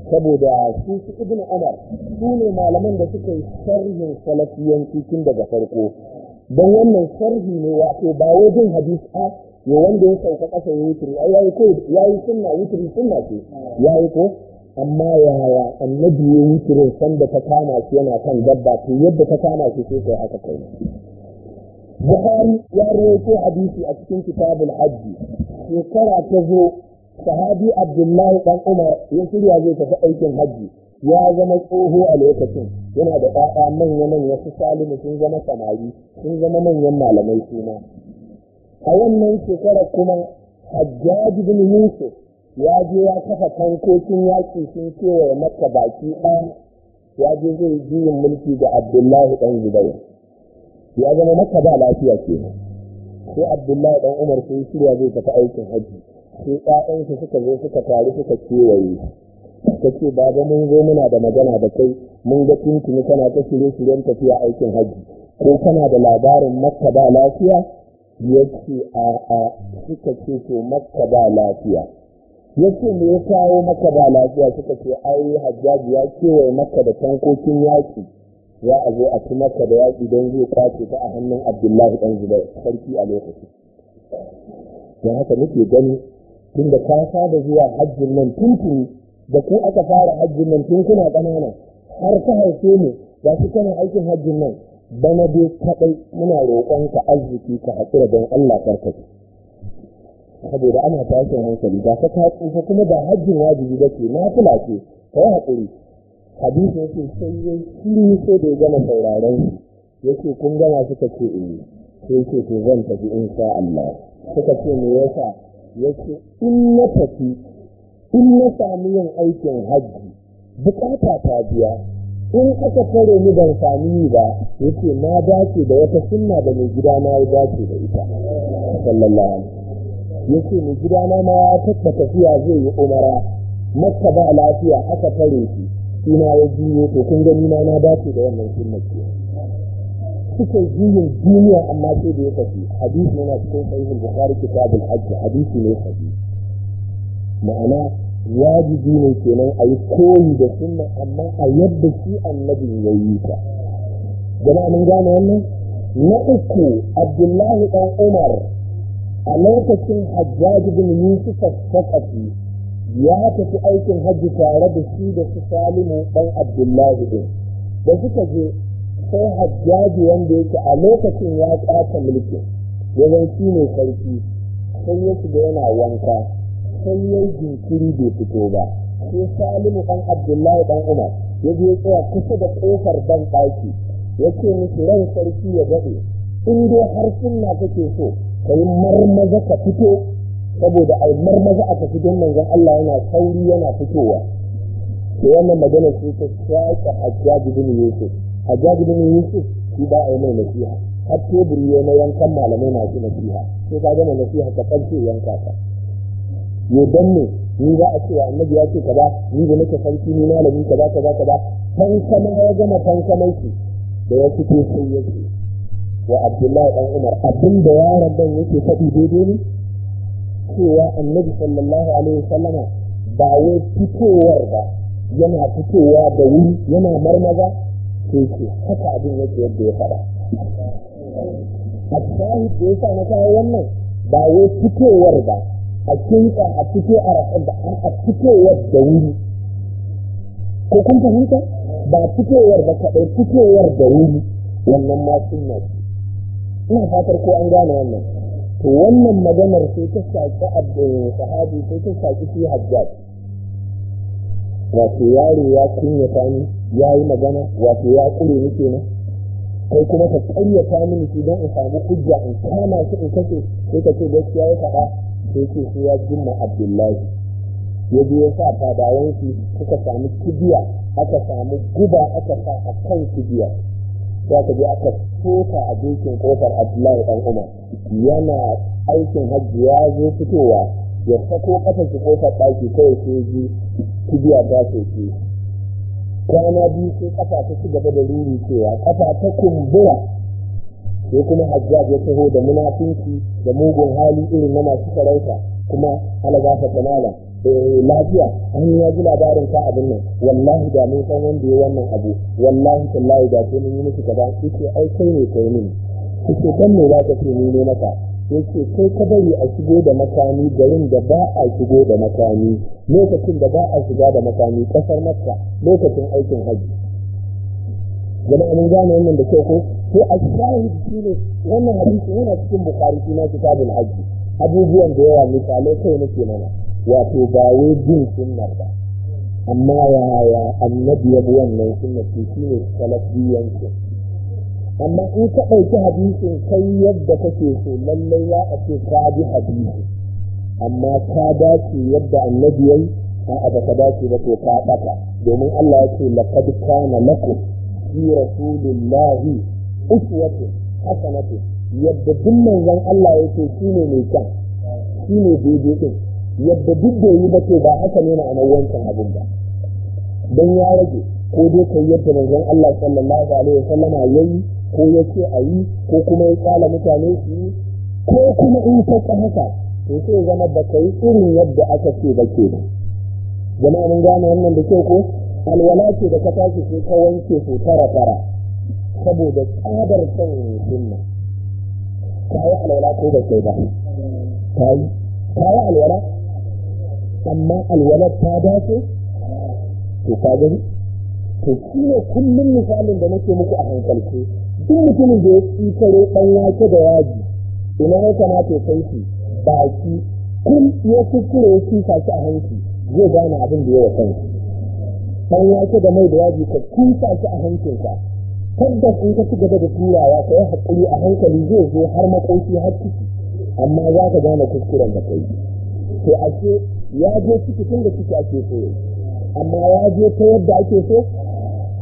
saboda su su ibnu umar su ne malaman da suke yi sharhin salafiyanci tun daga farko don wannan sharhi ne wato ba wajen hadisi a ya wanda ya sauka kasa ya wuturi ai yayi ko yayi sunna wuturi sunna ce yayi ko amma yaya annabi ya wuturin sanda ta kama shi yana kan dabba to yadda ta kama shi sai kai haka kai Bukhari ya rawaito hadisi a cikin kitabul hajji shekara ta zo sahabi Abdullahi dan Umar ya shirya zai tafi aikin hajji ya zama tsoho a lokacin yana da ɗaɗa manya manya su salimu sun zama samari sun zama manyan malamai suna a wannan shekara kuma hajjaji bin Yusuf ya je ya kafa tankokin yaƙi sun kewaye maka baki ɗaya ya je zai juyin mulki da Abdullahi ɗan Zubair ya zama maka ba lafiya ke sai abdullahi dan umar sun shirya zai tafi aikin hajji sai ƴaƴansu suka zo suka taru suka kewaye ta ce baba mun zo muna da magana da kai mun ga tuntuni kana ta shirye shiryen tafiya aikin hajji ko kana da labarin makka ba lafiya ya ce a a suka ce to makka ba lafiya ya ce me ya kawo makka ba lafiya suka ce ai hajjaji ya kewaye maka da tankokin yaki za a zo a ci maka da yaƙi don zai kwace ta a hannun abdullahi ɗan zubair sarki a lokaci don haka nake gani tun da ka saba zuwa hajjin nan tuntuni da ku aka fara hajjin nan tun kuna ƙanana har ka haife mu ga su kana aikin hajjin nan bana dai kaɗai muna roƙon ka arziki ka haƙura don allah karkace saboda ana tashin hankali ba ka tsufa kuma ba hajjin wajibi ba ke na fula ce haƙuri hadisi yake sai ya shi sai da ya gama sauraron yake kun gama suka ce eh ko ce ko zan tafi in sha Allah suka ce me yasa yake in tafi in na sami yin aikin hajji bukata ta biya in aka fara ni ban sami ni ba yake na dace da wata sunna da mai gida na ya dace da ita sallallahu alaihi yake mai gida na ma ya tabbata tafiya zai yi umara makka ba lafiya aka kare shi suna ya jiye to kun gani na na dace da wannan sunna ke suka duniya amma sai da ya tafi hadisi yana cikin sahih al-bukhari kitabul hajj hadisi ne sahih ma'ana wajibi ne kenan a yi koyi da sunna amma a yadda shi annabi ya yi ta jama'a mun gane wannan na uku abdullahi dan umar a lokacin hajjaj bin yusuf as ya tafi aikin hajji tare da shi da su salimu ɗan abdullahi ɗin da suka je sai hajjaji wanda yake a lokacin ya ƙasa mulkin wajen shi ne sarki sai ya shiga yana wanka sai ya yi jinkiri bai fito ba sai salimu ɗan abdullahi ɗan umar ya je tsaya kusa da ƙofar ban ɗaki ya ce musu ran sarki ya daɗe in dai har sunna kake so kai marmaza ka fito saboda almar marmaza a tafi don manzan Allah yana sauri yana fitowa to wannan magana ce ta shaƙa a jajibin Yusuf A jajibin Yusuf shi ba a yi mai nasiha har tebur ya na yankan malamai masu nasiha sai ka gama nasiha ta farce yanka ta ya ne ni za a cewa annabi ya ce kaza ni da nake sarki ni malami kaza kaza kaza fankama ya gama fankamai da ya fito sai ya wa Abdullahi dan Umar abin da yaron dan yake faɗi daidai ne cewa annabi sallallahu alaihi wasallama ba wai fitowar ba yana fitowa da wuri yana marmaza to ke haka abin yake yadda ya fara a shahid da yasa na kawo wannan ba wai fitowar ba a kinka a fito a rafa da an a fitowar da wuri ko kun fahimta ba fitowar ba kaɗai fitowar da wuri wannan ma sunna ina fatar ko an gane wannan to wannan maganar sai ta shaƙi abu sahabi sai ta shaƙi shi hajjaj wato yaro ya kunyata ni ya yi magana wato ya ƙure ni kenan kai kuma ka ƙaryata mini shi don in samu hujja in kama shi in kace sai ka ce gaskiya ya faɗa sai ce sai ya jimma abdullahi ya je ya sa fadawansu suka samu kibiya aka samu guba aka sa a kan kibiya sai ta je aka soka a dokin kofar abdullahi dan umar yana aikin hajji ya zo fitowa ya sako kafar shi kofar ɗaki kawai sai ji kibiya ta soke kwana biyu sai kafa ta ci gaba da ruri cewa kafa ta kumbura sai kuma hajjaj ya taho da munafinci da mugun hali irin na masu sarauta kuma ta tamala Eh, lafiya an ya ji labarin ka abin nan wallahi da mun san wanda ya wannan abu wallahi tallahi da ke mun yi gaba kaza ai kai ne kai ne Suke, kan me za ka ce ni maka yake kai ka bari a shigo da makami garin da ba a shigo da makami lokacin da ba a shiga da makami kasar makka lokacin aikin hajji jama'a mun gane wannan da kyau ko ko a shahid shine wannan hadisi yana cikin bukari shi na kitabul hajji abubuwan da yawa misalai kai nake mana wato ba wai jin sunnar ba amma yaya annabi ya bi wannan sunna ce shi ne salafiyanci amma in ka ɗauki hadisin kai yadda kake so lallai ya a ce ka bi hadisi amma ka dace yadda annabi yayi a'a ka dace ba to ka ɓata domin Allah ya ce laqad kana lakum fi rasulillahi uswatun hasanatu yadda duk manzon Allah ya ce shi ne mai kyan shine daidai din yadda duk da yi bace ba haka ne a wancan abin ba don ya rage ko dai kai yadda manzon Allah sallallahu alaihi ya yi, ko ya ce a yi ko kuma ya tsala mutane su yi ko kuma in ka haka to sai zama ba ka yi irin yadda aka ce ba ke ba jama'a mun gane wannan da kyau ko alwala ce da ka tashi sai ka wanke su tara tara saboda tsadar son sunna ka yi alwala ko ba kai ba ka yi alwala amma alwalar ta dace to ka gani to shi ne kullum misalin da nake muku a hankalce duk mutumin da ya tsikaro ɗan yake da yaji ina ya kamata ya shi baki kun ya kuskure ya tuka shi a hanci zai gane abin da ya wa kanshi ɗan yake da mai da yaji ka tuka shi a hancinka tabbas in ka ci gaba da turawa ka yi haƙuri a hankali zai zo har makoki har ciki amma za ka gane kuskuren da kai to ashe ya je ciki tun da ciki ake so amma ya je ta yadda ake so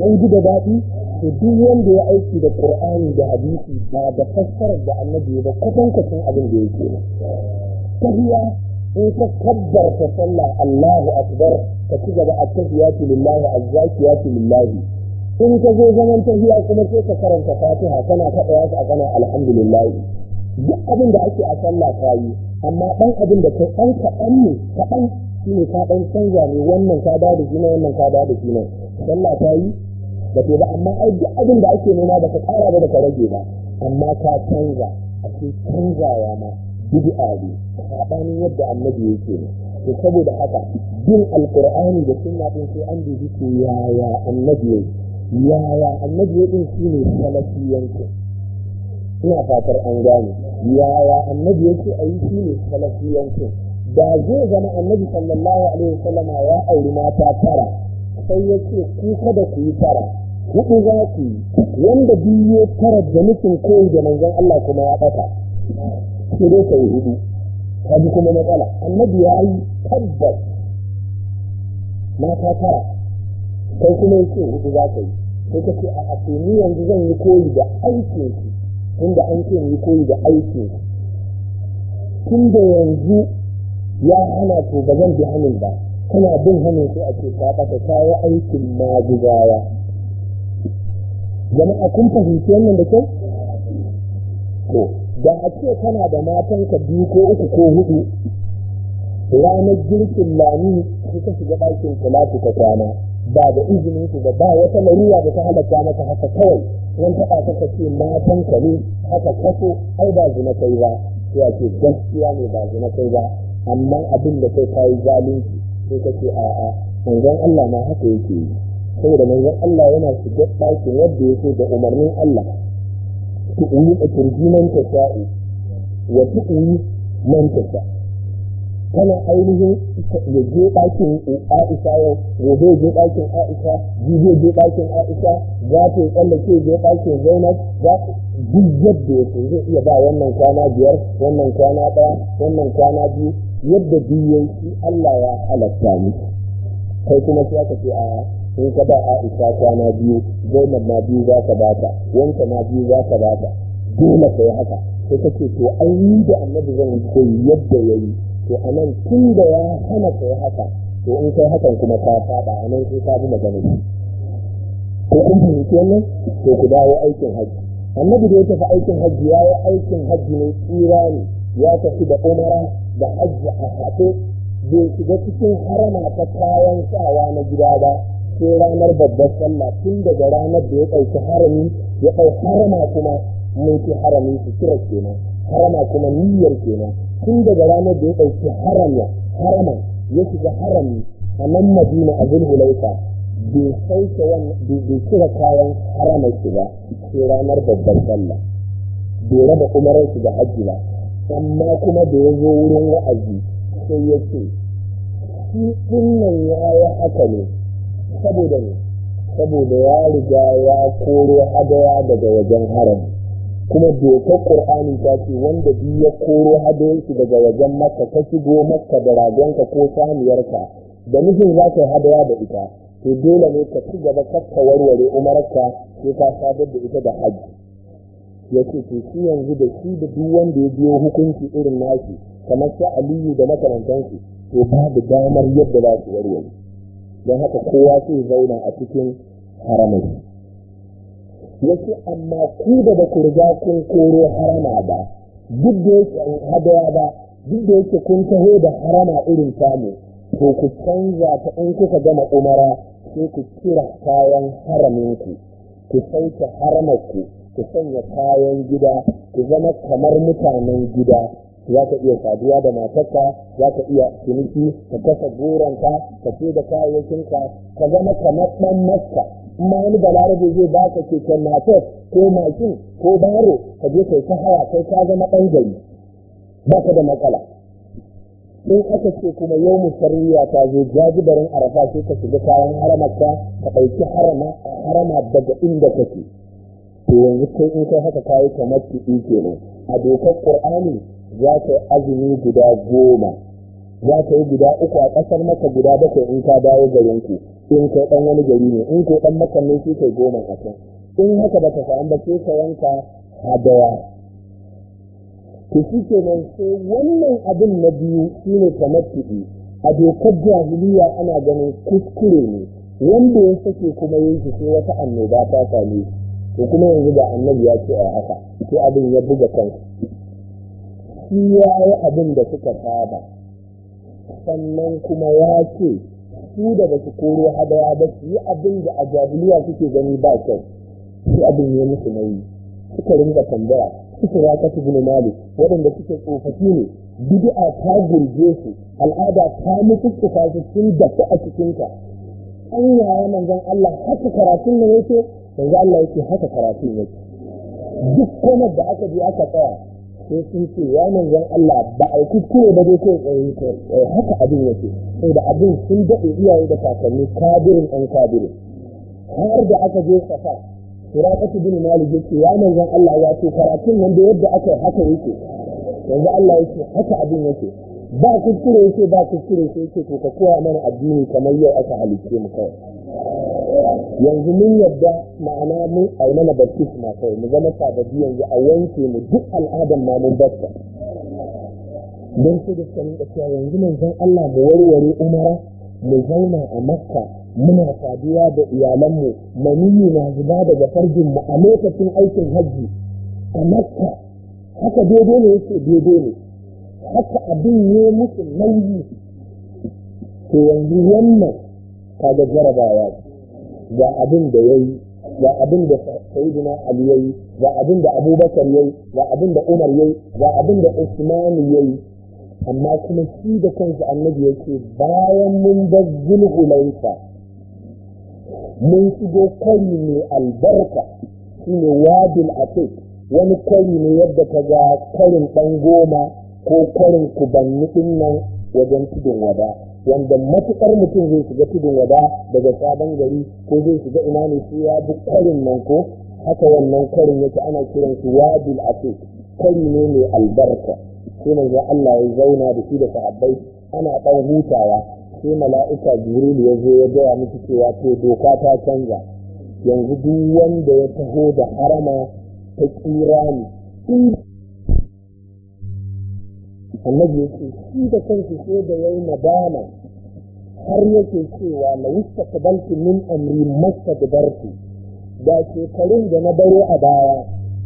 an ji da daɗi to duk wanda ya aiki da qur'ani da hadisi ba da fassarar da annabi ba kwatankwacin abin da yake ne tahiya in ka kabbarta sallah Allahu akbar ka ci gaba at-tahiyatu lillahi az-zakiyatu lillahi in ka zo zaman tahiya kuma sai ka karanta Fatiha kana kada a kana alhamdulillahi. duk abin da ake a sallah kayi amma ɗan abin da kai ɗan kaɗan ne kaɗan shi ne ka ɗan canza ne wannan ka da da jina wannan ka da da jina sallah ta yi da ke ba amma ai abin da ake nuna ba ka ƙara ba da ka rage ba amma ka canza a ce canzawa ma bid'a ne saɓanin yadda annabi yake ne to saboda haka bin Alkur'ani da sunna din sai an dubi yaya annabi yake yaya annabi shi ne salafiyanku ina fatar an gane yaya annabi yake ayi shi ne salafiyancin da zai zama annabi sallallahu alaihi wasallama ya auri mata tara sai ya ce ku kada ku yi tara hudu za ku yi wanda biyu tara da nufin koyi da manzon Allah kuma ya ɓata sai dai sai hudu kaji kuma matsala annabi ya yi tabbas mata tara kai kuma ya ce hudu za ka yi sai ka ce a asini yanzu zan yi koyi da aikin tunda an ce yi koyi da aiki tun da yanzu ya hana to ba zan bi hannun ba kana bin hannun sai a ce ta ɓata ta yi aikin ma zama a kun fahimci wannan da kyau ko da a ce kana da matan ka biyu ko uku ko hudu ranar girkin lami sai ka shiga ɗakin talatu ta kwana ba da izinin ku ba ba wata lariya da ta halatta maka haka kawai wani taɓa ta ce matan ka ne haka kaso ai ba zina kai ba sai a ce gaskiya ne ba zina kai ba amma abin da kai kai zalunci sai ka ce a'a manzon Allah ma haka yake yi saboda manzon Allah yana shiga ɗakin wanda yake da umarnin Allah yi a turji ta sa'i wa tu'uyi man tasha'i kana ainihin ya je ɗakin Aisha yau gobe ya je ɗakin Aisha jibi ya je ɗakin Aisha za ta yi tsallake ya je ɗakin Zainab za ta duk yadda ya zai iya ba wannan kwana biyar wannan kwana ɗaya wannan kwana biyu yadda biyu yanki Allah ya halatta ni kai kuma sai aka ce a in ka ba Aisha kwana biyu Zainab ma biyu za ka ba ta wanka ma biyu za ka ba ta dole ka yi haka sai ce to an yi da annabi zan yi yadda ya yi to a nan tun da ya hana ka haka to in kai hakan kuma ka faɗa a nan sai ka bi magana ko kun fahimci wannan to ku dawo aikin hajji annabi da ya tafi aikin hajji ya yi aikin hajji ne tsira ne ya tafi da umara da hajji a haɗe bai shiga cikin harama ta kayan sawa na gida ba sai ranar babbar sallah tun daga ranar da ya ɗauki harami ya ɗauki harama kuma mai harami su kira kenan harama kuma niyyar kenan tun daga ranar da ya ɗauki haramin haraman ya shiga harami a nan madina a zulhulaifa bai kira kayan haramar shi ba ranar babbar sallah bai raba umarar shi da hajji ba amma kuma da ya zo wurin wa'azi sai ya ce shi ɗinnan ya yi haka ne saboda ne saboda ya riga ya koro hadaya daga wajen harami kuma dokar ƙur'ani ta ce wanda biyu ya koro hadayensu daga wajen maka ka shigo maka da ragonka ko saniyarka da nufin za ka yi hadaya da ita to dole ne ka ci gaba kakka warware umarka sai ka sadar da ita da hajji ya ce to shi yanzu da shi da duk wanda ya biyo hukunci irin nashi kamar su aliyu da makarantansu to babu damar yadda za su warware don haka kowa sai zauna a cikin haramai yake amma ku da ba ku riga kun koro harama ba duk da yake an hadaya ba duk da yake kun taho da harama irin samu to ku canza ta in kuka gama umara sai ku kira kayan haraminku ku sauke haramarku ku sanya kayan gida ku zama kamar mutanen gida za ka iya saduwa da matarka za ka iya ciniki ka kasa goronka ka ce da kayayyakinka ka zama kamar ɗan maska ma wani balarabe zai ba baka keken matar ko mashin ko baro ka je kai ta haya kai ka zama ɗan gari ba ka da matsala in aka ce kuma yau musarriya ta zo jajibarin arafa sai ka shiga kayan haramarka ka ɗauki harama harama daga inda kake to yanzu kai in kai haka kayi kamar tuɗi kenan a dokar ƙur'ani za ta yi azumi guda goma za ka yi guda uku a ƙasar maka guda bakwai in ka dawo garin ku in kai ɗan wani gari ne in ko ɗan maka ne kai goma a can in haka ba ka samu ba sai ka yanka hadaya ku shi ke nan sai wannan abin na biyu shine kamar tuɗi a dokar jahiliya ana ganin kuskure ne wanda ya sake kuma yin shi sai wata annoba ta same shi to kuma yanzu ga annabi ya ce a haka sai abin ya buga kansa shi ya yi abin da suka saba sannan kuma ya ce su da ba su koro hadaya ba su yi abin da a jahiliya suke gani ba kyau su abin ya musu nauyi suka ringa tambaya suka raka su mali waɗanda suke tsofaffi ne bid'a ta gurje su al'ada ta mutu su kasu sun dafu a cikinka. an yaya manzon Allah haka karatun nan yake yanzu Allah yake haka karatun yake duk kuma da aka je aka tsaya sai sun ce ya manzan Allah ba a yi kuskure ba dai kai tsaye eh, haka abin yake sai da abin sun daɗe iyaye da kakanni kabirin ɗan kabirin har da aka je safa Suraƙatu bin Malik yake ya manzan Allah ya ce karatun nan yadda aka yi haka yake yanzu Allah yake haka abin yake ba kuskure yake ba kuskure sai yake to ka koya mana addini kamar yau aka halicce mu kawai yanzu mun yadda ma'ana mun na baptis ma kawai mu zama sababi yanzu a yanke mu duk al'adar ma mun don su da sanin da cewa yanzu mun zan Allah mu warware umara mu zauna a makka muna saduwa da iyalanmu maniyi na zuba daga farjin mu a lokacin aikin hajji a makka haka daidai ne yake daidai ne haka abin ne musu nauyi to yanzu wannan kaga jarabawa ce ga abin da ya yi ga abin da sayyidina ali ya ga abin da abubakar ya yi ga abin da umar ya yi ga abin da usman ya amma kuma shi da kansa annabi yake bayan mun bar zulhulaifa mun shigo kwari mai albarka ne wadil atiq wani kwari ne yadda ka ga kwarin ɗan goma ko kwarin kubanni ɗin nan wajen tudun wada wanda matuƙar mutum zai shiga tudun wada daga sabon gari ko zai shiga ina ne su ya bi nan ko haka wannan karin yake ana kiran su wadil ake kari ne mai albarka sai manzo Allah ya zauna da shi da sahabbai ana ɗan hutawa sai mala'ika jibril ya zo ya gaya miki cewa to doka ta canza yanzu duk wanda ya taho da harama ta tsira ne annabi ya ce shi da kansu sai da yayi nadama har yake cewa na wuce ka yustaqbaltu min amri masa da shekarun da na baro a baya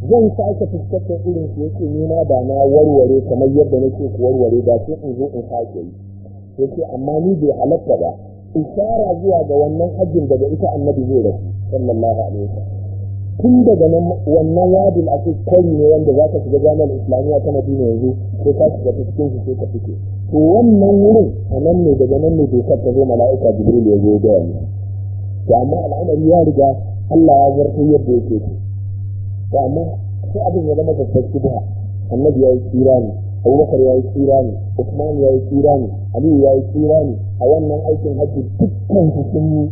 zan sake fuskantar irin su yake nuna da na warware kamar yadda nake ku warware da sai in zo in sake yi yake amma ni bai halatta ba isara zuwa ga wannan hajjin daga ita annabi zai rasu sallallahu alaihi wasallam tun daga wannan wadin a ce ne wanda za ka shiga jami'ar islamiyya ta madina yanzu ko ka shiga ta cikin shi sai ka fito to wannan wurin a nan ne daga nan ne dokar ta zo mala'ika jibril ya zo da yanzu to amma al'amari ya riga Allah ya zartar yadda yake to amma sai abin ya zama babbar shubha annabi ya yi tsira ne abubakar ya yi tsira ne usman ya yi tsira ne aliyu ya yi tsira ne a wannan aikin hajji dukkan su sun yi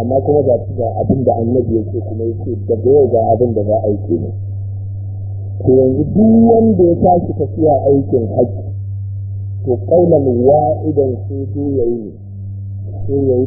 amma kuma ga abin da annabi ya ce kuma yake da daga yau ga abin da za a yi ne to yanzu duk wanda ya tashi tafiya aikin hajji to kaulan wa'idan sai dai ya yi sai ya yi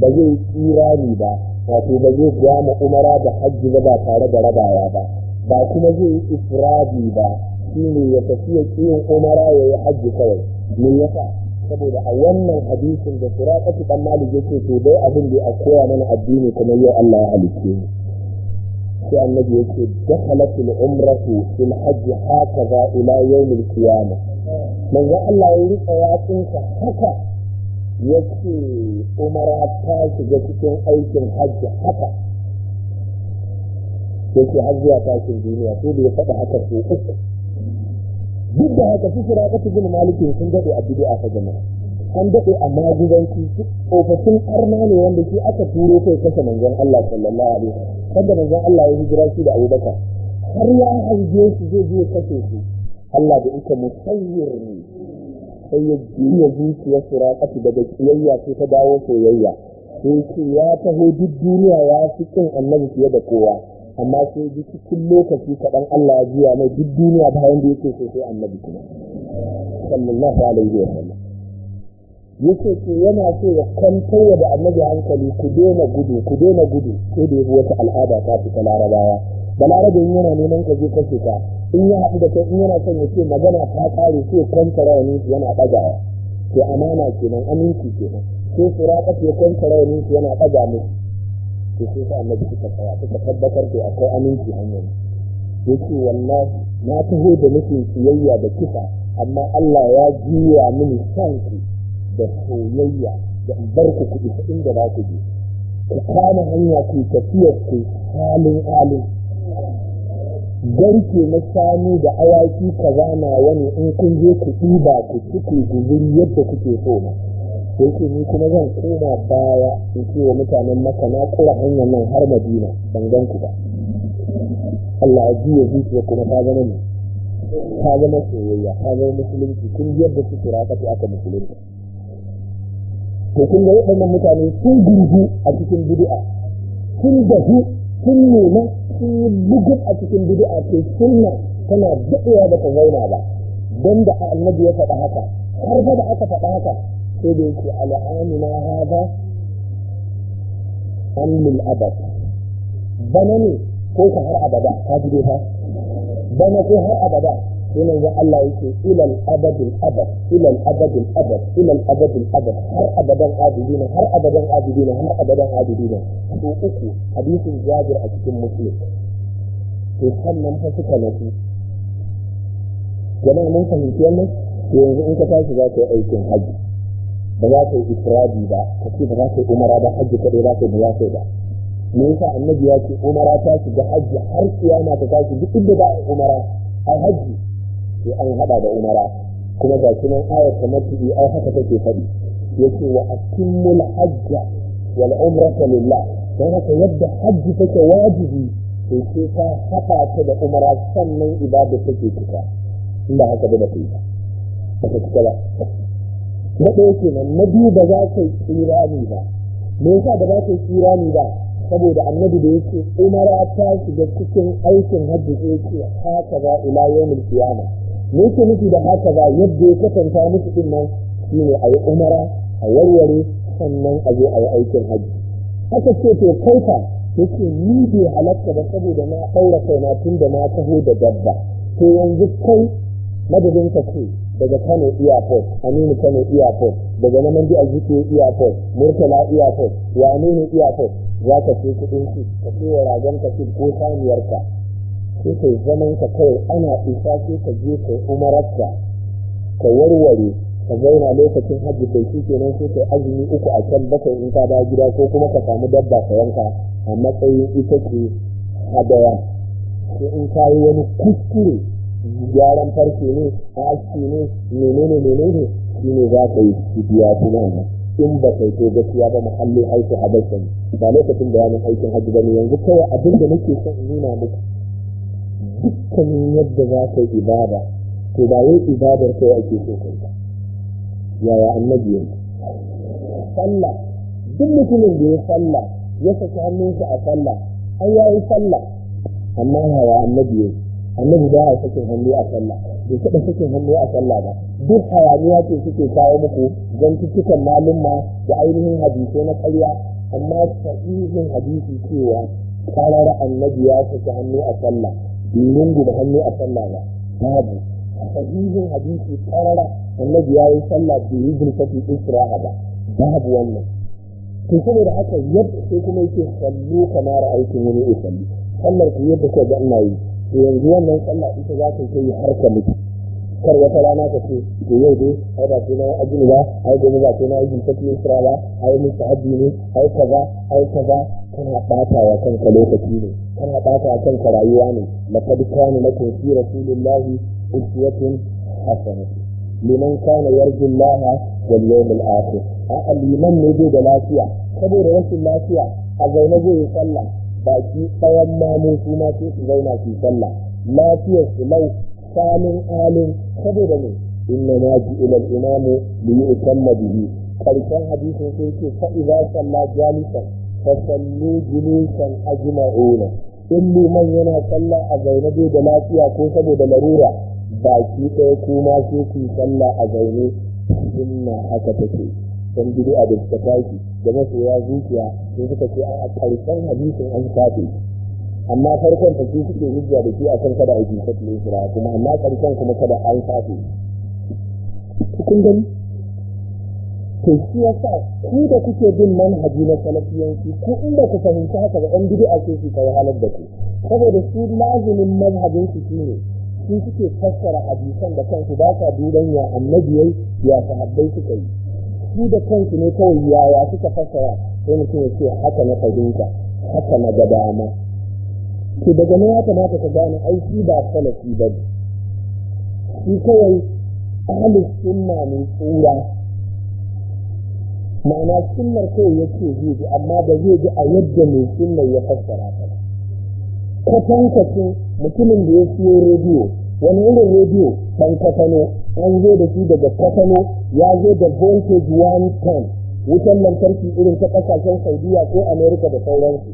ba zai ni ba wato ba zai gama umara da hajji ba ba tare da rabawa ba ba kuma zai yi ifradi ba shine ya tafi ya umara ya yi hajji kawai ya yasa saboda a wannan hadisin da suraqatu dan malik yake to dai abin da a koya mana addini kuma yau Allah ya halicce mu sai annabi yake dakhalatul umratu fil hajj hakaza ila yawmil qiyamah manzo Allah ya rika yatsinsa haka yake umara ta shiga cikin aikin hajji haka yake hajji a cikin duniya to da ya faɗa haka ko uku duk da haka su shira kasu bin maliki sun daɗe a bid'a ta jama'a an daɗe a maguzanci su tsofaffin arna ne wanda shi aka turo kai kasa manzon Allah sallallahu alaihi wasallam kada manzon Allah ya hijira shi da Abubakar har ya hauje shi zai je kashe shi Allah da ita musayyir ne sai ya juya zuciyar suraƙatu daga kiyayya sai ta dawo soyayya sai ya taho duk duniya ya fi kin annabi fiye da kowa amma sai ji cikin lokaci kaɗan Allah ya juya mai duk duniya bayan da yake so sai annabi kuma sallallahu alaihi wa sallam yake ce yana so ya kwantar da annabi hankali ku daina gudu ku daina gudu sai da yabi wata al'ada ta fita larabawa balarabe yana neman ka je kashe ka in ya haɗu da kai in yana son ya ce magana ta ƙare sai kwanta rawanin yana ɗagawa to amana kenan aminci kenan sai su raƙa ya kwanta rawanin yana ɗaga musu to sai sa suka tsaya suka tabbatar da akwai aminci hanyar yake wallahi na taho da nufin siyayya da kisa amma Allah ya juya mini sanku da soyayya da in bar ku kuɗi ta inda za ku je ku kama hanya ku tafiyar ku halin halin garke na shanu da awaki kaza na wani in kun je ku ɗiba ku ci ku guzuri yadda kuke so ma sai yake ni kuma zan koma baya in ce wa mutanen maka na kura hanyar nan har madina ban gan ku ba Allah ya ji ya zuciya kuma ta zama ne ta zama soyayya ta zama musulunci kun yadda su kira ka aka musulunci to kun ga waɗannan mutane sun gurgu a cikin bid'a sun dahu sun nema sun yi bugun a cikin bid'a to sunna tana daɗewa da ta zauna ba don da annabi ya faɗa haka har da aka faɗa haka ko da yake al'ani na haza an lil bana ne ko ka har abada ka ji dai bana ko har abada sai nan ga Allah yake ilal abadil abad ilal abadil abad ilal abadil abad har abadan abidina har abadan abidina har abadan abidina to uku hadisin Jabir a cikin Muslim to sannan fa suka nufi jama'a fahimci yanzu in ka tashi za ka yi aikin hajji ba za ka yi ifradi ba ka ce ba za ka yi umara ba hajji kaɗai ka yi ba za ka yi ba me yasa annabi ya ce umara ta shiga hajji har kiyama ta tashi duk inda ba a yi umara ai hajji sai an haɗa da umara kuma ga shi nan ayar ta matuɗi ai haka take faɗi yace wa atimmul hajja wal umrata lillah don haka yadda hajji take wajibi sai ce ka haɗa ta da umara sannan ibada take cika inda haka da ba ta yi ba ta cika ba na ɗaya nan, na biyu ba za ka yi tsirani ba me yasa ba za ka yi tsirani ba saboda annabi da yake umara ta shiga cikin aikin hajji ko yake haka ba ila yawmul qiyama me yake nufi da haka ba yadda ya kasanta musu din nan shine ayi umara a warware sannan a zo a yi aikin hajji haka ce to kai fa yake ni bai halatta ba saboda na ɗaura kaina tun da na taho da dabba to yanzu kai madadin ka ce daga Kano airport Aminu Kano airport daga Namandi Azikiwe airport Murtala airport Yanene airport za ka ce kuɗin ki ka ce wa ragon ka ce ko saniyarka sai kai zaman ka kawai ana isa ce ka je ka umararka ka warware ka zauna lokacin hajji kai shi nan sai kai azumi uku a can bakwai in ka dawo gida ko kuma ka samu dabba ka yanka a matsayin ita ce hadaya sai in ka yi wani kuskure gyaran farce ne aski ne menene menene ne za ka yi fidiya kuma nan in ba kai to gaskiya ba muhallin aiki a ne ba lokacin yanin aikin hajji ba ne yanzu kawai abin da nake son in nuna muku dukkanin yadda za ka yi ibada to ba yi ibadar kai ake so kai ba yaya annabi yanzu sallah duk mutumin da ya sallah ya saki hannunsa a sallah ai ya yi sallah amma yaya annabi yanzu annabi ba a sakin hannu a sallah bai taɓa sakin hannu a sallah ba duk hayaniya ce suke kawo muku cikin malumma da ainihin hadisai na ƙarya amma sahihin hadisi cewa karar annabi ya saki hannu a sallah bai da hannu a sallah ba babu sahihin hadisi karar annabi ya yi sallah da yi zulfafi isra'a ba babu wannan ko kuma da haka yadda sai kuma yake sallu kamar aikin wani usalli sallar ku yadda kuka ga ina yi yanzu wannan sallah ita za ta kai har ka mutu kar wata rana ka ce to yau dai ai ba sai na yi ajini ba ai gobe ba sai na yi jinsati isra ba ai musu ajini ai kaza ai kaza kana bata wa kanka lokaci ne kana bata wa kanka rayuwa ne laqad kana lakum fi rasulillahi uswatun hasanah liman kana yarju Allah wal yawmil akhir a liman ne da lafiya saboda rashin lafiya a zaune zai yi sallah baki ɗayan mamu su ma sai su zauna su sallah lafiyar su lau samun alin saboda ne inna ma ji ilal imamu li yu'tamma bihi karshen hadisun sun ce fa salla jalisan fa sallu julusan ola in liman yana sallah a zaune da lafiya ko saboda larura baki ɗaya kuma sai ku sallah a zaune suna haka take dan bid'a da suka tashi da masoya zuciya sun suka ce a karshen hadisin an tafi amma farkon ta ce suke hujja da shi akan kada a jisa cikin sura kuma amma karshen kuma kada an tafi cikin gani to shi sa ku da kuke bin manhaji na salafiyanci ko inda ku fahimci haka ba ɗan a ce su kai halar da ku saboda su lazimin manhajin su shine su suke fassara hadisan da kansu ba sa duban ya ya sahabbai suka yi shi da kansu ne kawai yaya suka fasara sai mutum ya ce haka na fahimta haka na ga dama to daga nan ya kamata ka gane aiki ba salafi ba ne shi kawai ahlus sunna ne tsura ma'ana sunnar kawai yake zai ji amma ba zai ji a yadda mai sunnar ya fassara ta ba kwatankwacin mutumin da ya siyo rediyo wani irin rediyo ɗan kwatano an zo da shi daga kwatano ya zo da voltage one ton wutan lantarki irin ta kasashen saudiya ko america da sauransu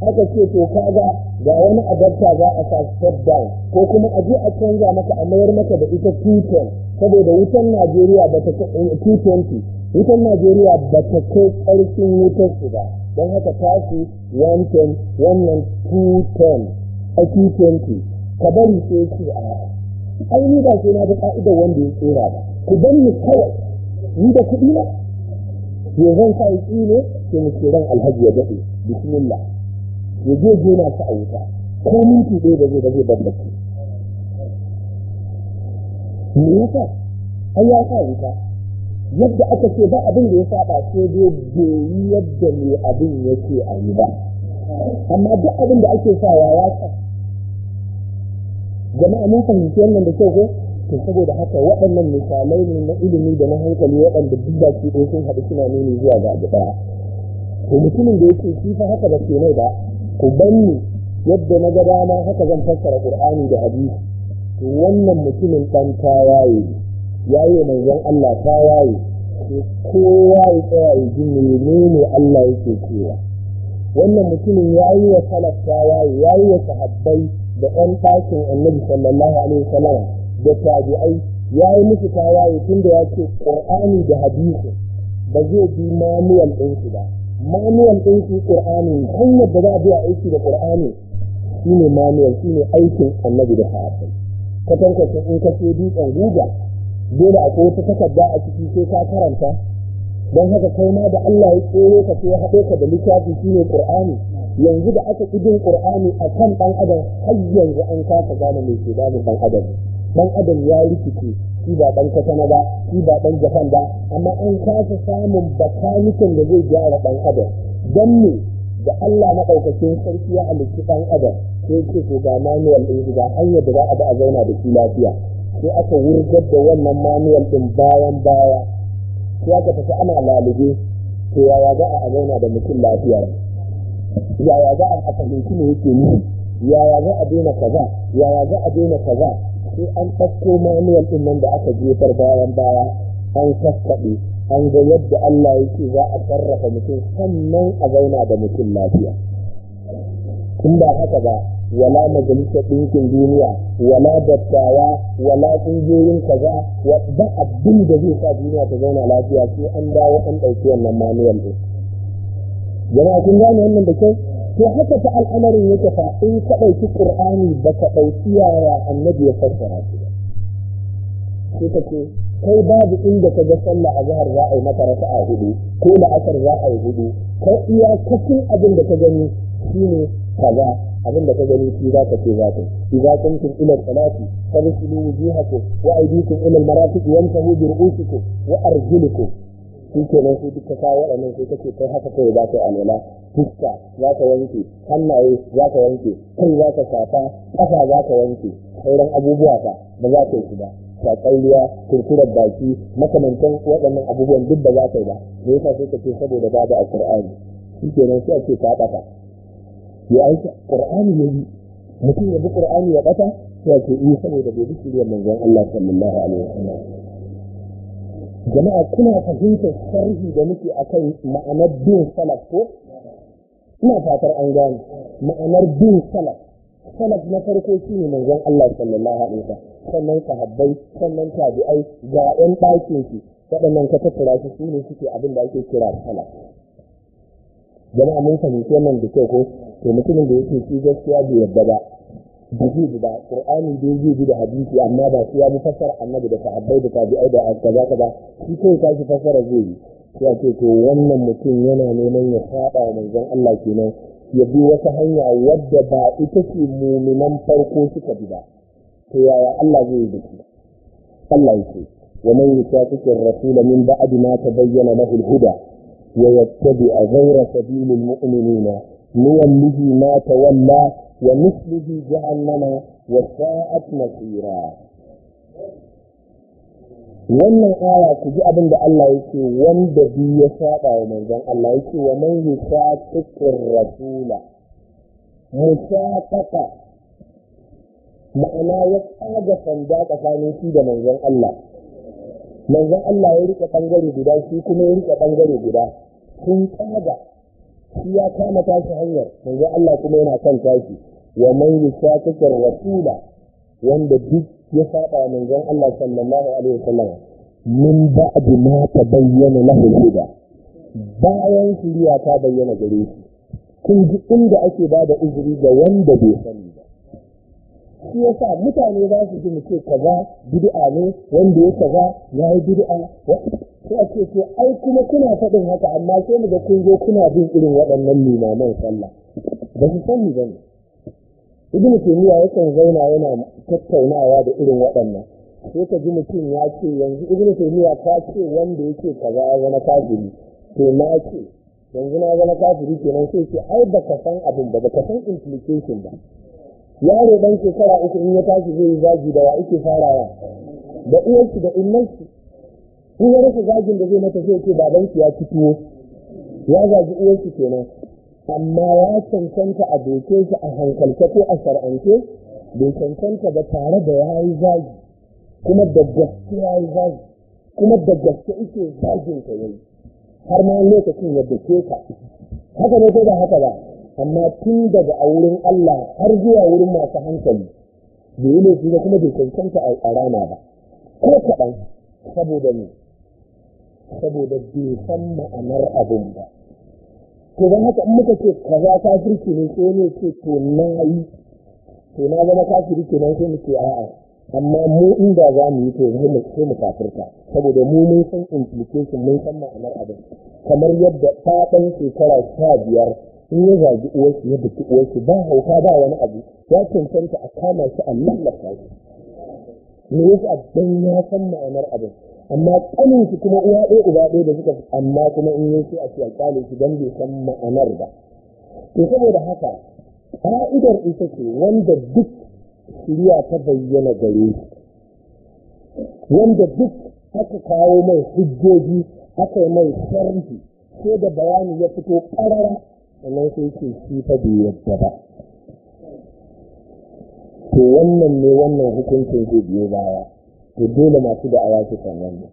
Haka ce to kaga ga wani adapta za a sa step down ko kuma a ji a canza maka a mayar maka da ita ten saboda wutan najeriya ba ta wutan najeriya ba ta kai karfin wutar su ba don haka tashi ten wannan ten a twenty ka bari sai ce a ai ni ba sai na ga ka'ida wanda ya tsora ba ku dan ni kawai ni da kuɗi na ke zan sa yi ne ke mu alhaji ya daɗe bismillah ya je gona su a wuta ko minti ɗaya da zai da zai babbace me sa, ai ya sa wuta yadda aka ce ba abin da ya saba sai dai yi yadda mai abin yake a yi ba amma duk abin da ake sa ya sa jama'a mun fahimci wannan da kyau ko to saboda haka waɗannan misalai ne na ilimi da na hankali waɗanda duk da ke sun haɗu suna nuni zuwa ga abu ɗaya to mutumin da yake shi fa haka da ke mai ba ku banni yadda na ga dama haka zan fassara qur'ani da hadisi to wannan mutumin ɗan ta yaye yaye manzon Allah ta yaye to kowa ya tsaya ya ji menene Allah yake cewa wannan mutumin yayi wa salaf ta yaye yayi wa sahabbai da ɗan tashin annabi sallallahu alaihi wasallam da tabi'ai ya yi musu tawaye tun da ya ce ƙur'ani da hadisi ba zai bi manuwal ɗinsu ba manuwal ɗinsu ƙur'ani hanyar da za a biya aiki da ƙur'ani shine manuwal shine aikin annabi da sahabbai kwatankwacin in ka ce dutsen guga dole a wata takarda a ciki sai ka karanta don haka kai ma da Allah ya tsere ka sai ya haɗe ka da littafi shine ƙur'ani yanzu da aka ƙi jin ƙur'ani a kan ɗan adam har yanzu an kasa gane mai ke damun ɗan adam ɗan adam ya rikice shi ba ɗan katana ba shi ba ɗan japan ba amma an kasa samun bakanikin da zai gyara ɗan adam don me da Allah maɗaukacin sarki ya halitti ɗan adam sai ce ko ga manuwal ɗin ga hanyar da za a ba a zauna da shi lafiya sai aka wurgar da wannan manuwal ɗin bayan baya sai aka tafi ana lalube to yaya za a zauna da mutum lafiya yaya za a fahimci ne yake nufi yaya za a daina kaza yaya za a daina kaza sai an ɗauko manuwal ɗin nan da aka jefar bayan baya an kakkaɓe an ga yadda Allah yake za a sarrafa mutum sannan a zauna da mutum lafiya Kun ba haka ba wala majalisar ɗinkin duniya wala dattawa wala ƙungiyoyin kaza ba abin da zai sa duniya ta zauna lafiya sai an dawo an ɗauki wannan manuwal ɗin jama'a kun gane wannan da kyau to haka ta al'amarin yake fa in ka dauki ƙur'ani ba ka ɗauki yaya annabi ya fassara shi ba sai ka ce kai babu inda ka ga sallah a zahar za a yi mata a hudu ko la'asar za a yi hudu kai kafin abin da ka gani shine kaza abin da ka gani shi za ka ce za ka shi za ka kun ilal salati fa bisulu wujuhakum wa aydikum ila al marafiq wamsahu bi ru'usikum wa arjulukum shi ke nan su duka kawo waɗannan sai kake kai haka kai za ka yi alwala fuska za ka wanke hannaye za ka wanke kai za ka shafa ƙafa za ka wanke sauran abubuwa ka ba za ka yi su ba shaƙar ruwa kurkurar baki makamantan waɗannan abubuwan duk ba za ka yi ba me yasa sai ka ce saboda babu a ƙur'ani shi ke nan sai a ce ka ɓata ya aiki ƙur'ani ya yi mutum ya bi ƙur'ani ya ɓata sai a ce eh, saboda bai bi shirya manzon Allah sallallahu alaihi wa sallam. jama'a kuna fahimtar sharhi da muke akan ma'anar bin salaf ko ina fatar an gane ma'anar bin salaf salaf na farko shine manzon Allah sallallahu alaihi wasallam sannan sahabbai sannan tabi'ai ga ɗan ɗakin shi waɗannan ka tattara su su ne suke abin da ake kira salaf jama'a mun fahimci wannan da kyau ko to mutumin da yake shi gaskiya bai yarda ba ba da bi qur'ani da zai bi da hadisi amma ba su ya bi annabi da sahabbai da tabi'ai da kaza kaza shi kai ka shi fassara zai yi ya ce to wannan mutum yana neman ya saba manzon Allah kenan ya bi wata hanya wadda ba ita ce muminan farko suka bi ba to yaya Allah zai yi biki Allah yake wa man yushaqiqi ar-rasul min ba'd ma tabayyana lahu al-huda wa yattabi ghayra sabili al-mu'minina nuwallihi ma ومثله جعلنا وساءت مصيرا wannan aya ku ji abin da Allah yake wanda bi ya saba wa manzon Allah yake wa man yusaqiqir rasula musafaqa ma'ana ya tsaga sanda tsakanin shi da manzon Allah manzon Allah ya rike bangare guda shi kuma ya rike bangare guda sun tsaga shi ya kama tashi hanyar manzo Allah kuma yana kan tashi wa man yashakaka rasula wanda duk ya saba wa manzon Allah sallallahu alaihi wasallam min ba'd ma tabayyana lahu al-huda bayan shiriya ta bayyana gare shi kun ji inda ake ba da uzuri ga wanda bai sani ba shi sa mutane za su ji mu ce kaza bid'a ne wanda ya kaza ya yi bid'a Su a ce ai kuma kuna faɗin haka amma sai mu ga kun zo kuna bin irin waɗannan limaman sallah ba su sani ba ne ibnu taymiya yakan zauna yana tattaunawa da irin waɗannan sai ka ji mutum ya ce yanzu ibnu taymiya ta ce wanda yake kaza ya zama kafiri to na ce yanzu na zama kafiri kenan sai ce ai baka san abin ba baka san implication ba yaro dan shekara uku in ya tashi zai yi zagi da wa ake farawa da uwarki da innansu in ya rasa zagin da zai mata sai ce babanki ya ci tuwo ya zagi uwarki kenan amma ya cancanta a doke shi a hankalce ko a shar'ance bai cancanta ba tare da ya yi zagi kuma da gaske ya yi zagi kuma da gaske ike zagin ka yi? har ma lokacin ya dake ka haka ne ko ba haka ba amma tun daga a wurin Allah har zuwa wurin masu hankali bai yi laifi kuma bai cancanta a rana ba ko kaɗan saboda ne saboda bai san ma'anar abin ba to don haka muka ce kaza kafirci ne ko ne ce to na yi to na zama ka kenan ne ko muke a'a amma mu inda za mu yi to zai mu ce mu kafirta saboda mu mun san implication mun san ma'anar abin kamar yadda ɗan shekara sha biyar in ya zagi uwarsu yadda ki uwarsu ba hauka ba wani abu ya cancanta a kama shi a lallafa shi me yasa dan ya san ma'anar abin amma kanin shi kuma uwa ɗaya uba ɗaya da suka amma kuma in yi shi a ce alƙali shi don bai san ma'anar ba to saboda haka ka'idar isa ce wanda duk shirya ta bayyana gare shi wanda duk haka kawo mai hujjoji haka mai sharhi sai da bayani ya fito ƙarara sannan sai ce shi ta bai yadda ba to wannan ne wannan hukuncin zai biyo baya to dole masu da awa su kan wannan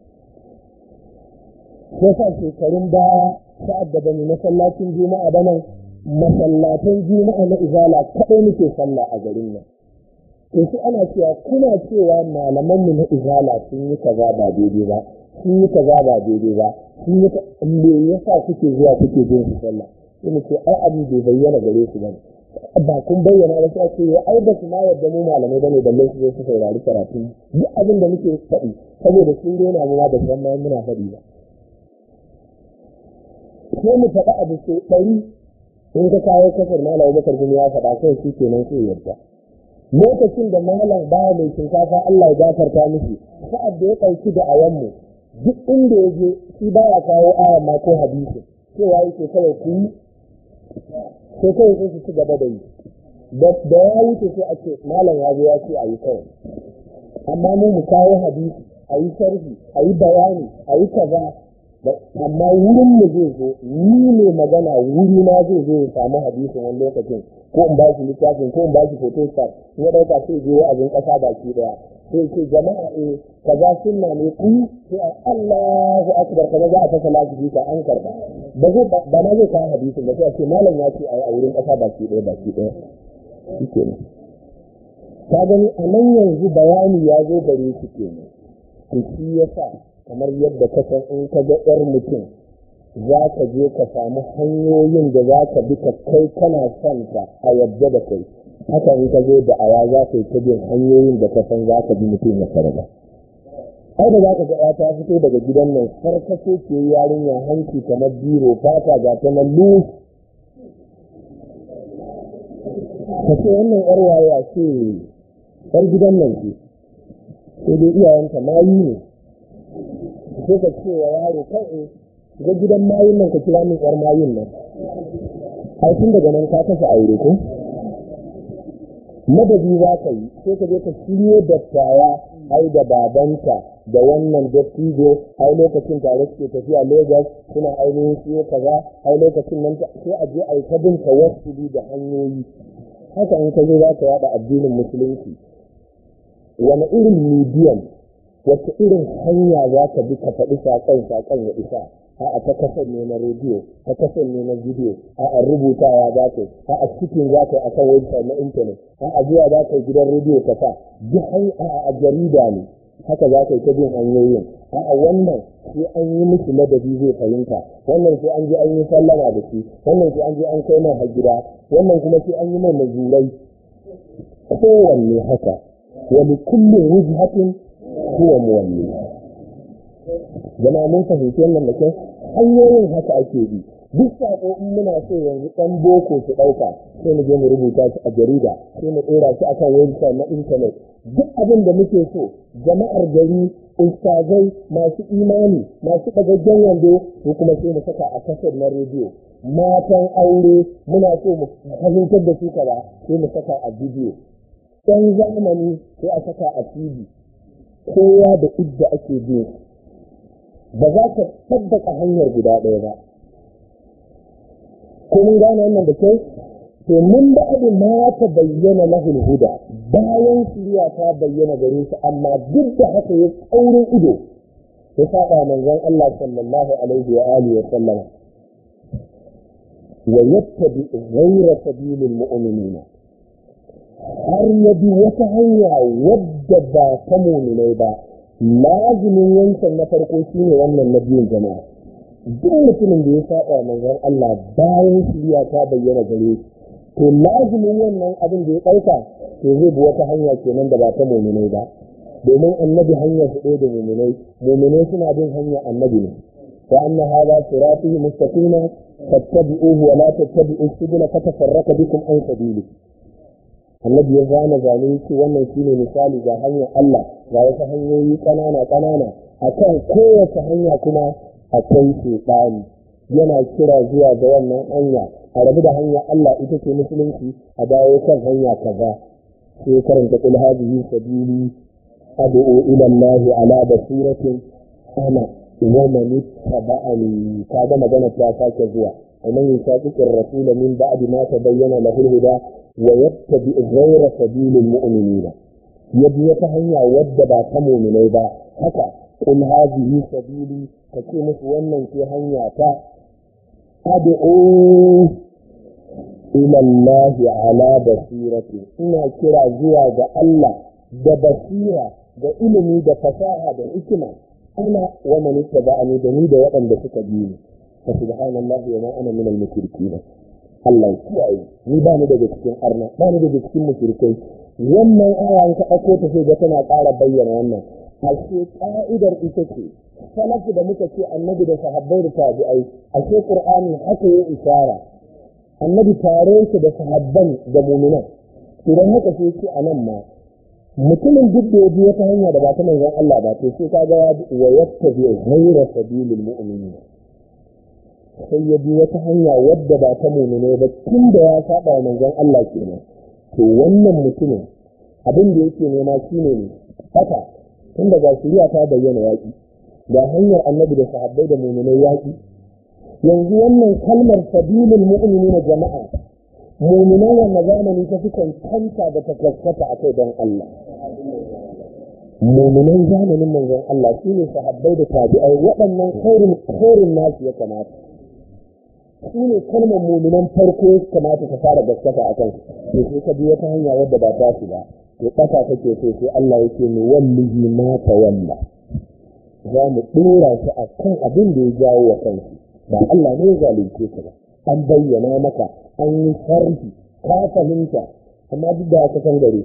ko sa shekarun baya sa'ad da bani masallacin juma'a ba nan masallatan juma'a na izala kaɗai nake sallah a garin nan to su ana cewa kuna cewa malamanmu na izala sun yi kaza ba daidai ba sun yi kaza ba daidai ba sun yi me yasa kuke zuwa kuke jin su sallah sai ce ai abin bai bayyana gare su ne ba kun bayyana ba sai ce ai ba su ma yadda mu malamai bane balle su zo su saurari karatu duk abin da muke faɗi saboda sun daina mu ma da san muna faɗi ba sai mu faɗa abu sai ɗari in ka kawo kasar malam bakar ya faɗa kai shi kenan sai yarda lokacin da malam ba mai shinkafa Allah ya gafarta miki sa'ad da ya ɗauki da ayan mu duk inda ya je shi baya kawo aya ma ko hadisi cewa yake kawai ku yi sai kawai sai su ci gaba da yi da ya wuce sai a ce malam ya zo ya ce a yi kawai amma mu mu kawo hadisi a yi sharhi a yi bayani a yi kaza amma wurin mu zai zo ni ne magana wuri na zai zo ya samu hadisin wani lokacin ko in ba shi littafin ko in ba shi photostat ya dauka sai je abin kasa baki daya sai ce jama'a eh kaza sunna ne ku sai Allahu akbar kaza za a fasa lafiya ka an karba ba zai ba na zai kawo hadisin ba sai a ce malam ya ce a wurin kasa baki daya baki daya shike ne ta gani a nan yanzu bayani ya zo gare shi kenan to shi yasa kamar yadda ka san in ka ga yar mutum za ka je ka samu hanyoyin da za ka bi ka kai kana son ka a yadda da kai haka in ka zo da aya za ka yi ta hanyoyin da ka san za ka bi mutum ya sarrafa ai da za ka ga ta fito daga gidan nan farkaso ke ya hanci kamar biro fata ga ta na ka ce wannan yar waya ce yar gidan nan ce sai dai iyayenta mayu ne sai ka ce wa yaro kai ga gidan mayun nan ka kira min yar mayun nan ai tun daga nan ka kasa aure ko madadi za ka yi sai ka je ka shirye da taya ai da babanta da wannan dattijo ai lokacin tare suke tafiya Lagos suna ainihin siyo kaza ai lokacin nan sai a je a yi ta da hanyoyi haka in ka zo za ka yada addinin musulunci wani irin medium wacce irin hanya za ka bi ka faɗi saƙon saƙon ya isa a'a ta kasar ne na rediyo ta kasar ne na bidiyo a'a ya za ka a a'a cikin za ka a akan website na intanet a'a zuwa za ka gidan rediyo ka sa duk a jarida ne haka za ka yi ta bin hanyoyin a'a wannan sai an yi miki ladabi zai fahimta wannan sai an je an yi sallama da shi wannan sai an je an kai mai hajjira wannan kuma sai an yi mai mazurai kowanne haka wani kullum wujhatin kowanne wani. jama'a mun fahimci wannan da kyau hanyoyin haka ake bi duk sako in muna so yanzu ɗan boko su ɗauka sai mu je mu rubuta shi a jarida sai mu tsira shi akan website na intanet duk abin da muke so jama'ar gari ustazai masu imani masu ɗagaggen wando ko kuma sai mu saka a kasar na rediyo matan aure muna so mu fahimtar da su kaza sai mu saka a bidiyo ɗan zamani sai a saka a tv kowa da idda ake biyu ba za ka tabbata hanyar guda ɗaya ba ko mun gane wannan da kyau to mun ba abu ma ta bayyana lahul huda bayan shirya ta bayyana gare su amma duk da haka ya tsaurin ido ya saba manzon Allah sallallahu alaihi wa alihi wa sallam wa yattabi ghayra sabilil mu'minina har ya bi wata hanya wadda ba ta mu'minai ba lazimin wancan na farko shi ne wannan na biyun jama'a duk mutumin da ya saba manzon Allah bayan shiriya ta bayyana gare shi to lazimin wannan abin da ya ɗauka to zai bi wata hanya kenan da ba ta muminai ba domin annabi hanyar su ɗaya da muminai muminai suna bin hanya annabi ne wa anna hada sirati mustaqima fattabi'uhu wa la tattabi'u kata fatafarraqa bikum an sabili annabi ya zama zane shi wannan shine misali ga hanyar Allah ga wasu hanyoyi ƙanana kanana kanana akan kowace hanya kuma akwai shaytani yana kira zuwa ga wannan hanya a rabu da hanya Allah ita ce musulunci a dawo kan hanya kaza sai karanta kul hadhihi sabili ad'u ila Allah ala basiratin ana wa man ittaba'ani kaga magana ta sake zuwa ومن يشاكك الرسول من بعد ما تبين له الهدى ويتبع غير سبيل المؤمنين يبني تهيا ودبا كمو من ايضا حتى قل هذه سبيلي فكنت وانا في هنيا تا ادعو الى الله على بصيرتي انا كرا زوا دا الله دا بصيرة دا علمي انا ومن اتبعني دا ني دا وقن fa subhanallahi wa ma ana min al-mushrikeen Allah ya ni ba ni daga cikin arna ba ni daga cikin mushrikai wannan aya ta ɗauko ta sai ga tana ƙara bayyana wannan ashe ka'idar ita ce salafu da muka ce annabi da sahabbai da tabi'ai ashe qur'ani haka ya isara annabi tare su da sahabban da mu'minan idan haka sai a anan ma mutumin duk da ya wata hanya da ba ta manzon Allah ba to sai kaga ya yattabi ghayra sabilil mu'minin sai ya bi wata hanya wadda ba ta mumine ba tun da ya saba manzon Allah kenan to wannan mutumin abin da yake nema shine ne haka tun da gasiriya ta bayyana yaƙi ga hanyar annabi da sahabbai da mumine yaƙi yanzu wannan kalmar sabilin mu'mini na jama'a muminan wannan zamani ta fi kankanta da ta kaskata a kai don Allah muminan zamanin manzon Allah shine sahabbai da tabi'ai waɗannan khairin nasu ya kamata su ne kalmar muminan farko kamata ka fara gaskata a kansu to sai ka biya ta hanya wadda ba ta shi ba to ƙasa kake so sai Allah yake mu wallahi ma ta wanda za mu ɗora shi a kan abin da ya jawo wa kansu ba Allah ne ya zalunce ka ba an bayyana maka an yi sharhi ka fahimta amma duk da aka san gare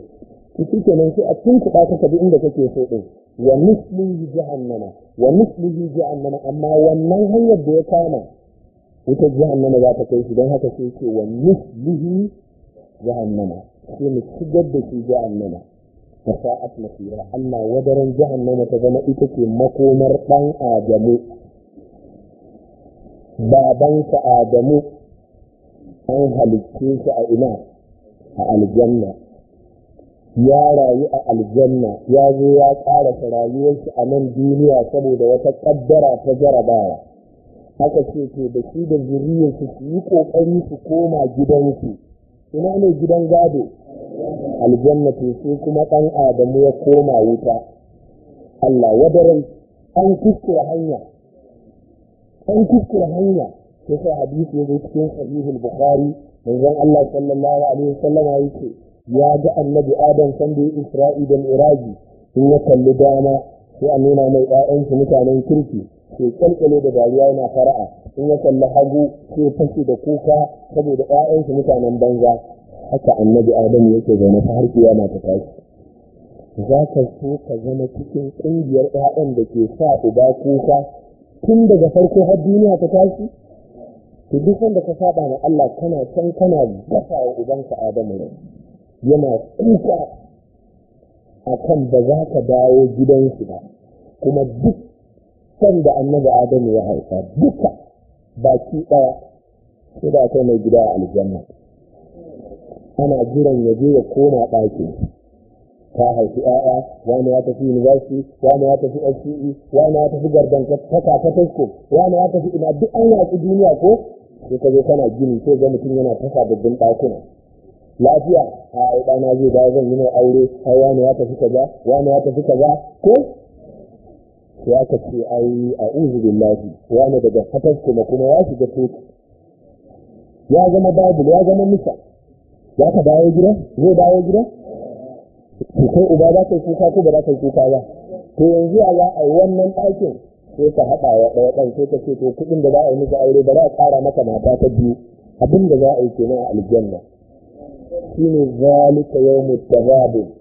shi kenan sai a tunkuɗa ka bi inda kake so ɗin wa mislihi jahannama wa mislihi jahannama amma wannan hanyar da ya kama wutar jahannama za ta kai shi don haka sai ce wa mislihi jahannama sai mu shigar da shi jahannama ta sa'at masira Allah wadaran jahannama ta zama ita ce makomar ɗan adamu babansa adamu an halicce shi a ina a aljanna ya rayu a aljanna ya zo ya ƙarasa rayuwarsa a nan duniya saboda wata ƙaddara ta jarabawa haka ce ce da shi da zuriyarsu su yi kokari su koma gidansu ina ne gidan gado aljannatu sai kuma ɗan adamu ya koma wuta Allah wadaran an kuskura hanya an kuskura hanya sai hadisi ya zo cikin sahihul bukhari manzon Allah sallallahu alaihi wasallam yake ya ga annabi adam san da isra'i da iraji in ya kalli dama sai a nuna mai 'ya'yansu mutanen kirki ke kalkale da dariya yana fara'a in ya kalli hagu ko fashe da kuka saboda ƴaƴansu mutanen banza haka annabi adam yake zaune ta har yana ta tashi za ka so ka zama cikin ƙungiyar ƴaƴan da ke sa uba kuka tun daga farko har duniya ta tashi to duk wanda ka saba ma Allah kana can kana gasa wa ubanka Adamu ne yana kuka akan ba za ka dawo gidansu ba kuma duk san da annabi adamu ya haifa duka baki ɗaya sai da akwai mai gida a aljanna ana jiran ya je ya koma ɗakin ta haifi ‘ya'ya wani ya tafi university wani ya tafi SCE wani ya tafi gardan kaka ta tasko wani ya tafi ina duk an yaƙi duniya ko sai ka zo kana gini ko ga mutum yana tasa babban ɗakuna lafiya a na zai dawo zan yi mai aure ai wani ya tafi kaza wani ya tafi kaza ko sai aka ce ai a uzu billahi wani daga fatar kuma kuma ya shiga teku ya zama babul ya zama misa ya ka dawo gida zai dawo gida to ko uba za ka yi kuka ko ba za ka yi kuka ba to yanzu a za a yi wannan ɗakin sai ka haɗa wa ɗaya ɗan sai ka ce to kuɗin da za a yi miki aure ba za a ƙara maka mata ta biyu abin da za a yi kenan a aljanna shine zalika yawmut tazabun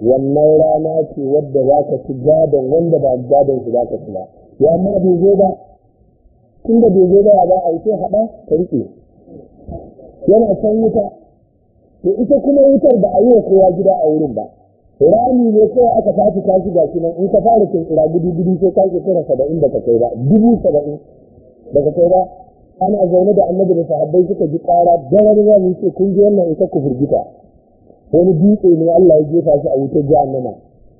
wannan rana ce wadda za ka ci gadon wanda ba gadon su za ka ci ba ya ma bai zo ba tun da bai zo ba ba a yi sai haɗa ka riƙe yana san wuta to ita kuma wutar da a yi wa kowa gida a wurin ba rami ne kawai aka tafi tashi ga shi nan in ka fara cin tsira gudu gudu sai ka ke tsira saba'in da ka kai ba dubu saba'in da ka kai ba ana zaune da annabi da sahabbai suka ji ƙara daren rami ce kun ji wannan ita ku furgita wani dutse ne Allah ya jefa shi a wutar jahannama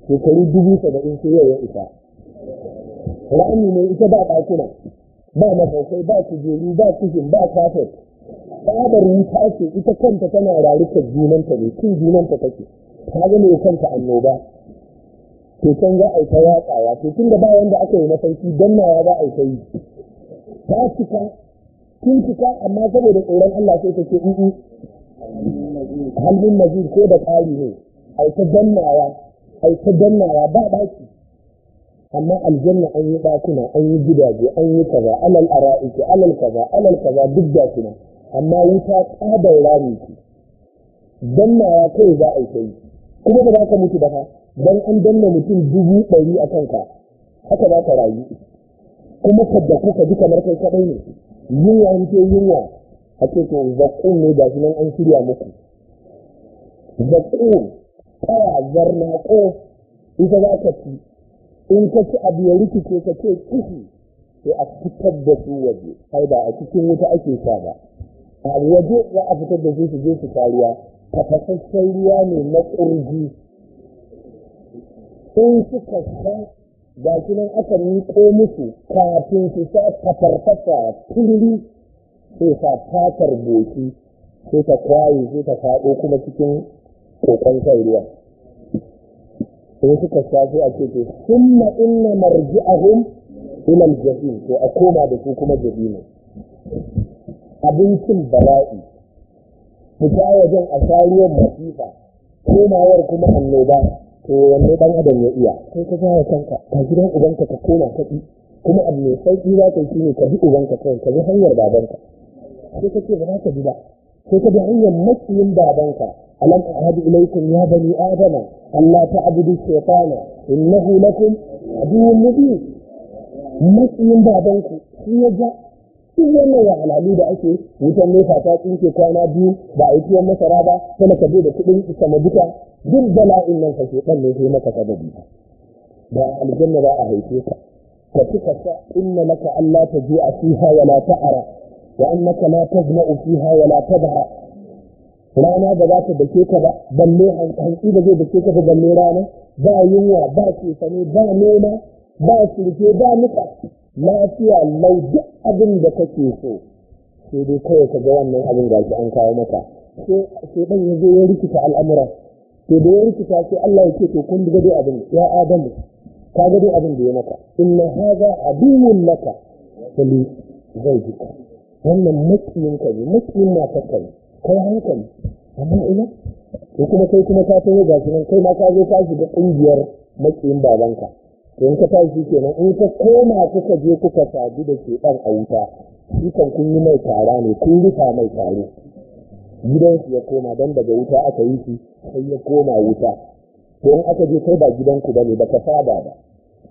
shekaru dubu saba'in sai yau ya isa ra'ani ne ita ba ɗakuna ba mafaukai ba kujeru ba kushin ba kafet tsabar wuta ce ita kanta tana rarukar junanta ne cin junanta take ta ga mai kanta annoba to can za a yi ta yatsawa to tun da ba wanda aka yi na sarki don nawa za a yi ta yi ta cika tun cika amma saboda tsoron Allah sai ta ce halin mazi ko da tsari ne ai ta dannawa ai ta ba ɗaki amma aljanna an yi ɗakuna an yi gidaje an yi kaza alal ara'iki alal kaza alal kaza duk da suna amma wuta tsadar rami ce jannawa kai za a yi kuma ba za ka mutu ba ha, dan an danna mutum dubu ɗari a kanka haka za ka rayu kuma kadda kuka ji kamar kaɗai ne yunwa wuce yunwa a ce to ne da nan an shirya muku da tsohon kaya zarna ko ita za ka ci in ka ci abu ya rikice ka ce kishi sai a fitar da su waje ai ba a cikin wuta ake sa ba a waje za a fitar da su su je su kariya ruwa ne na ƙurji in suka sha ga shi nan aka miƙo musu kafin su sa tafarfasa turi sai sa fatar boki sai ta kwaye sai ta faɗo kuma cikin kokon kan ruwa sai suka shafi a ce to summa inna marji'ahum ila al-jahim to a koma da su kuma jahim abincin bala'i fita wajen a sariyar masifa komawar kuma annoba to wanne dan adam ya iya kai ka fara kanka ka gidan ubanka ka koma kaɗi kuma abu mai sauƙi za ka yi ne ka bi ubanka kawai ka bi hanyar babanka sai ka ce ba za ka bi ba sai ka bi hanyar makiyin babanka ألم أعهد إليكم يا بني آدم ألا تعبدوا الشيطان إنه لكم عدو مبين matsayin babanku shi ya ja duk wannan wahalhalu da ake wutan nefa ta tsinke kwana biyu ba a yi masara ba kuma ka da kuɗin sama duka duk bala'in nan ka shekan ne sai maka sababi ba aljanna ba a haife ka ka ka sa inna naka Allah ta ji a fiha wa la ta'ara wa annaka la tazma'u fiha wa tadha rana ba za ta dake ka ba balle hantsi ba zai dake ka ba balle rana ba yunwa ba cefane ba noma ba surke ba nuka lafiya lau duk abin da kake so sai dai kawai ka ga wannan abin gashi an kawo maka sai dan ya zo ya rikita al'amura sai da ya rikita sai Allah ya ce to kun ga dai abin ya adamu ka ga dai abin da ya maka inna hadha aduwwun laka fali zai jika wannan makiyinka ne makiyin ka ne kai hankali amma ina ko kuma kai kuma ka taho ga shi nan kai ma ka zo ka shiga ƙungiyar maƙiyin babanka to in ka tashi kenan in ka koma kuka je kuka sadu da ke ɗan a wuta shi kan kun yi mai tara ne kun rufa mai tare gidansu ya koma don daga wuta aka yi shi sai ya koma wuta to in aka je kai ba gidanku ba ne ba ka saba ba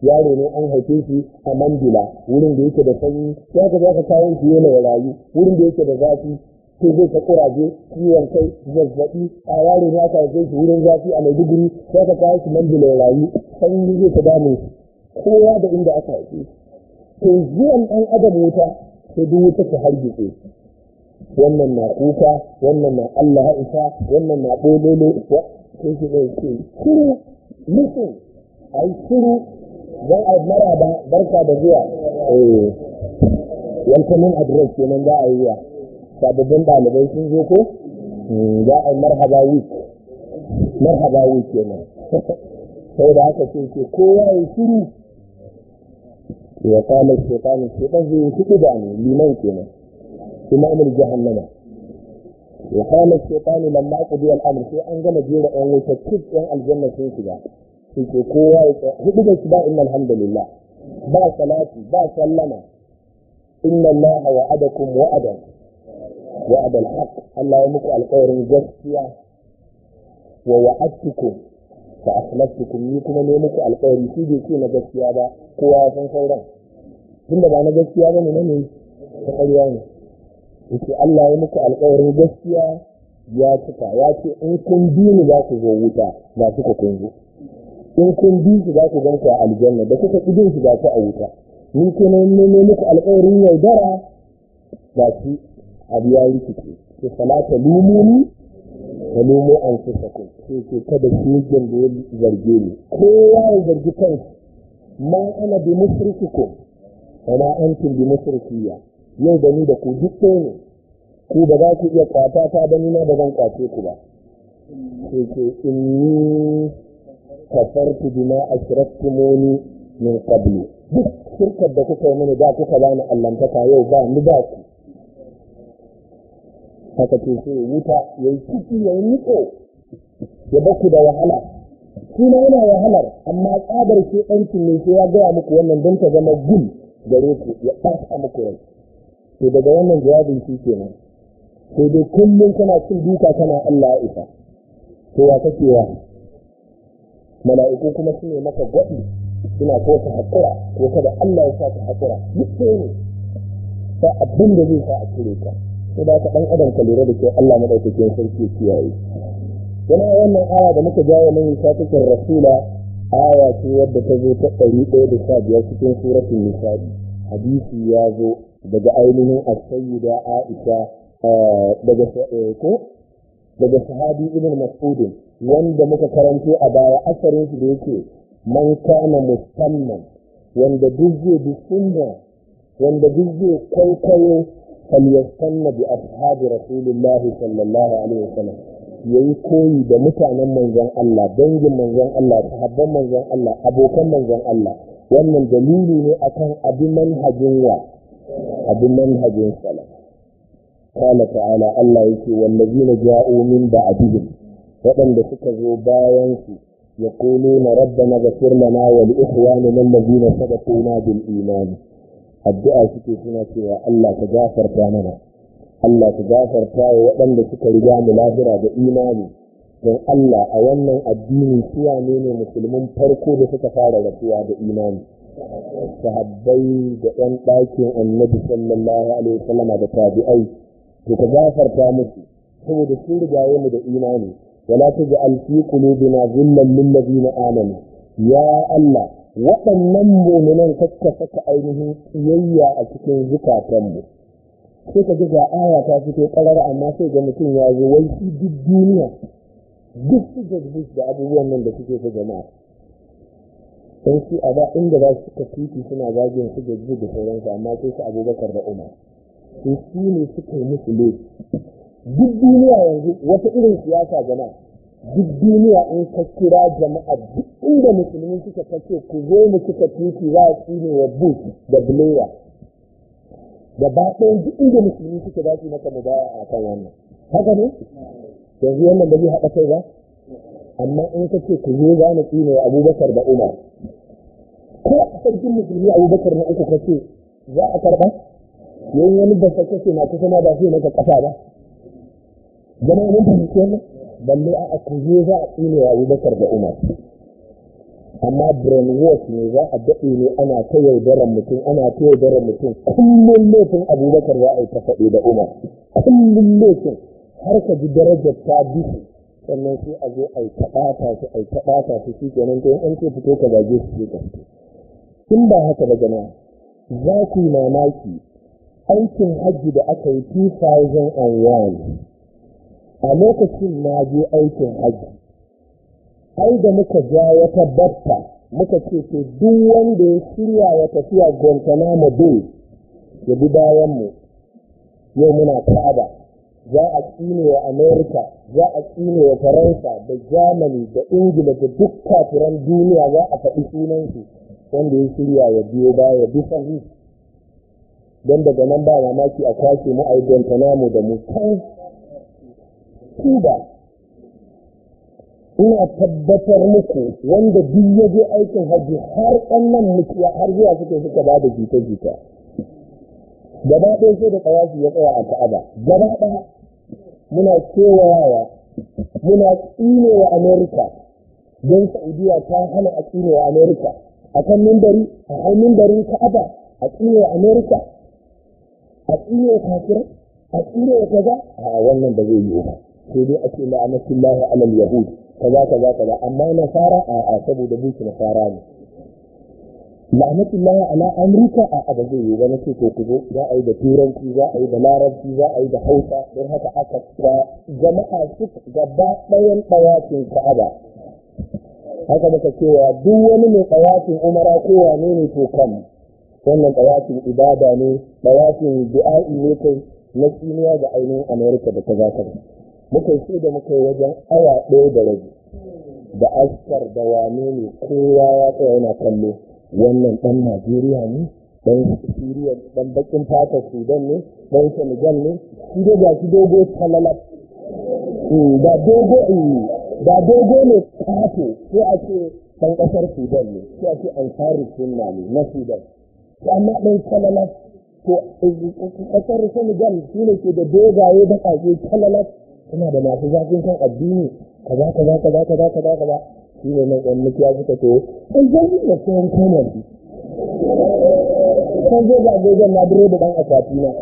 yaro ne an haife shi a mandila wurin da yake da sanyi ya ga za ka kayan shi yana rayu wurin da yake da zafi sai zai ka kuraje ciwon kai zazzabi a yaro ya ka zai wurin zafi a maiduguri ya ka kawo shi mandilin rayu sanyi zai ka dame kowa da inda aka haife to zuwan ɗan adam wuta sai duk wuta ta hargitse wannan na kuka wannan na Allah haifa wannan na bololo wa sai shi ne ce shiru musu ai shiru zan a mara ba, barka da zuwa eh min adres kenan za a yi wa sababbin ɗalibai sun zo ko hmm, za a marhaba week marhaba week kenan sai da haka sai ce kowa ya shiru ya kama shekani shekan zai yi kuɗi da ne liman kenan imamul jahannama ya kama shekani lamma aka biya al'amur sai an gama jera 'yan wuce tuk ɗan aljanna sun shiga sai ce kowa ya tsaya hudu da shi ba inna alhamdulillah ba salati ba sallama inna allaha wa'adakum wa'adan وعد الحق الله يمك القير جسيا ووعدتكم فأخلفتكم نيكم نيمك القير سيدي كينا جسيا با قوة فنصورا tun da ba na gaskiya ba ne ne ta ƙarya ne yake Allah ya muku alƙawarin gaskiya ya cika ya ce in kun bi ni za ku zo wuta ba ku kun zo in kun bi shi za ku ganka a aljanna da kuka ƙi shi za ku a wuta ni ke ne ne muku alƙawarin yaudara ba shi abu ya yi ciki ke salata lumuni ta an fi sako ke ke kada shi yi da ya zarge ni kowa ya zargi kansu ma ana bi musrikukum ana antum bi musrikiyya yau da ni da ku duk ne ku ba za ku iya kwata ta ba ni na ba zan kwace ku ba ke ke inni kafartu bima muni min qablu duk shirkar da kuka yi mini da kuka bani allantaka yau ba ni ba ku haka ce sai ya wuta ya yi ciki ya yi niko ya baku da wahala Suna yana wahalar amma tsabar ke ɗancin ne sai ya gaya muku wannan don ta zama gun gare ku ya ɓata muku rai to daga wannan jawabin shi nan. sai dai kullum kana cin duka kana Allah ya isa to ya kake wa mala'iku kuma su ne maka gwaɗi suna ko ta haƙura ko kada Allah ya sa ta haƙura duk ne ba abin da zai sa a cire ka ko ba ka dan adam ka lura da ke Allah madaukakin sarki kiyaye Kuma wannan aya da muka jawo mai cikin rasula aya ce wadda ta zo ta ɗari ɗaya da sha biyar cikin suratun nisa'i hadisi ya zo daga ainihin as-sayyida aisha eh, daga eh, ko daga sahabi ibn mas'ud wanda muka karanto a baya asarin shi da yake man kana musamman wanda duk zai wanda duk zai kwaikwayo فليستن بأصحاب رسول الله صلى الله عليه وسلم yayi koyi da mutanen manzan Allah dangin manzon Allah sahabban manzan Allah abokan manzon Allah wannan dalili ne akan abi manhajin wa abi manhajin sala qala ta'ala Allah yake wallazina ja'u min ba'dihim Waɗanda suka zo bayan su ya yaquluna rabbana ghfir lana wa li ikhwanina alladhina sabaquna bil iman addu'a suke suna cewa Allah ka gafarta mana Allah ka gafarta wa waɗanda suka riga mu lafira da imani don Allah a wannan addini suwa ne ne musulmin farko da suka fara rasuwa da imani sahabbai da ɗan ɗakin annabi sallallahu alaihi wasallama da tabi'ai to ka gafarta musu saboda sun rigaye mu da imani wala taj'al fi qulubina ghillan lil ladina amanu ya Allah waɗannan mummunan kakka saka ainihin tsiyayya a cikin zukatanmu sai ka ga aya ta fito ƙarar amma sai ga mutum ya zo wai shi duk duniya duk su jazbus da abubuwan nan da suke su jama'a sai shi a inda za su titi suna zagin su jazbus da sauransu amma sai su abubakar da umar sai su ne suka yi musu laifi duk duniya yanzu wata irin siyasa jama'a duk duniya in ka kira jama'a duk inda musulmi suka kace ku zo mu suka tuki za a tsine wa bush da blair da ba ɗaya duk inda musulmi suka ba su maka mu baya a kan wannan haka ne yanzu wannan ba zai haɗa kai ba amma in ka ce ku zo za mu tsine wa abubakar da umar ko a sarkin musulmi abubakar na uku kace za a karɓa yayin wani ba sa kace na kusa ma ba sai maka ƙasa ba jama'a mun fahimci wannan balle a kuje za a tsine wa abubakar da umar amma brainwash ne za a daɗe ne ana ta yaudaran mutum ana ta yaudaran mutum kullum laifin abubakar za a yi ta faɗi da umar kullum laifin har ka ji darajar ta bisu sannan sai a zo a yi taɓata su a yi taɓata su shi kenan to an ce fito ka zage su ke ka tun ba haka ba jama'a za ku yi mamaki aikin hajji da aka yi 2001 a lokacin na je aikin hajji ai da muka ja wata batta muka ce ke duk wanda ya shirya ya tafiya guantanamo bay ya bi bayan mu yau muna kada za a tsine wa amerika za a tsine wa faransa da Jamani, da ingila da duk kafiran duniya za a faɗi sunansu wanda ya shirya ya biyo baya bi sahi don daga nan ba mamaki a kwashe mu a mu da mu kan kuba ina tabbatar muku wanda duk ya je aikin hajji har ƙannan mukiya har zuwa suke suka ba da jita-jita gaba ɗaya sai da tsawafi ya tsaya a ka'aba gaba ɗaya muna kewayawa muna tsinewa amerika don saudiya ta hana a tsinewa amerika a kan mimbari a kan mimbarin ka'aba a tsinewa amerika a tsinewa kafirai a tsinewa kaza a wannan ba zai yi ba sai dai ake la'anatullahi alal yahud kaza kaza kaza amma nasara a a saboda buki nasara ne la'anatullahi ala amurka a a ba zai yi wani ce ku zo za a yi da turanci za a yi da larabci za a yi da hausa don haka aka ta jama'a su gaba ɗayan ɗawakin ka'aba haka muka cewa duk wani mai ɗawakin umara ko wane ne to kam wannan ɗawakin ibada ne ɗawakin du'a'i ne kai na tsiniya da ainihin amurka da ta zakar muka yi da muka yi wajen awa ɗaya da rabi da askar da wane ne kowa ya tsaya yana kallo wannan ɗan najeriya ne ɗan siriya ɗan bakin fata sudan ne ɗan senegal ne shi da ga shi dogo talala da hmm, dogo da hmm, dogo ne kato sai a ce ɗan ƙasar sudan ne sai a ce an sunna ne na sudan amma ɗan talalat to ƙasar senegal shi ne ke da dogaye da ƙage talala suna da masu zafin kan addini ka ka ka kaza ka kaza ka kaza shi ne nan ɗan mukiya suka ce ɗan zafin da tsohon kanar bi kan zai ga gogon na da ɗan akwati na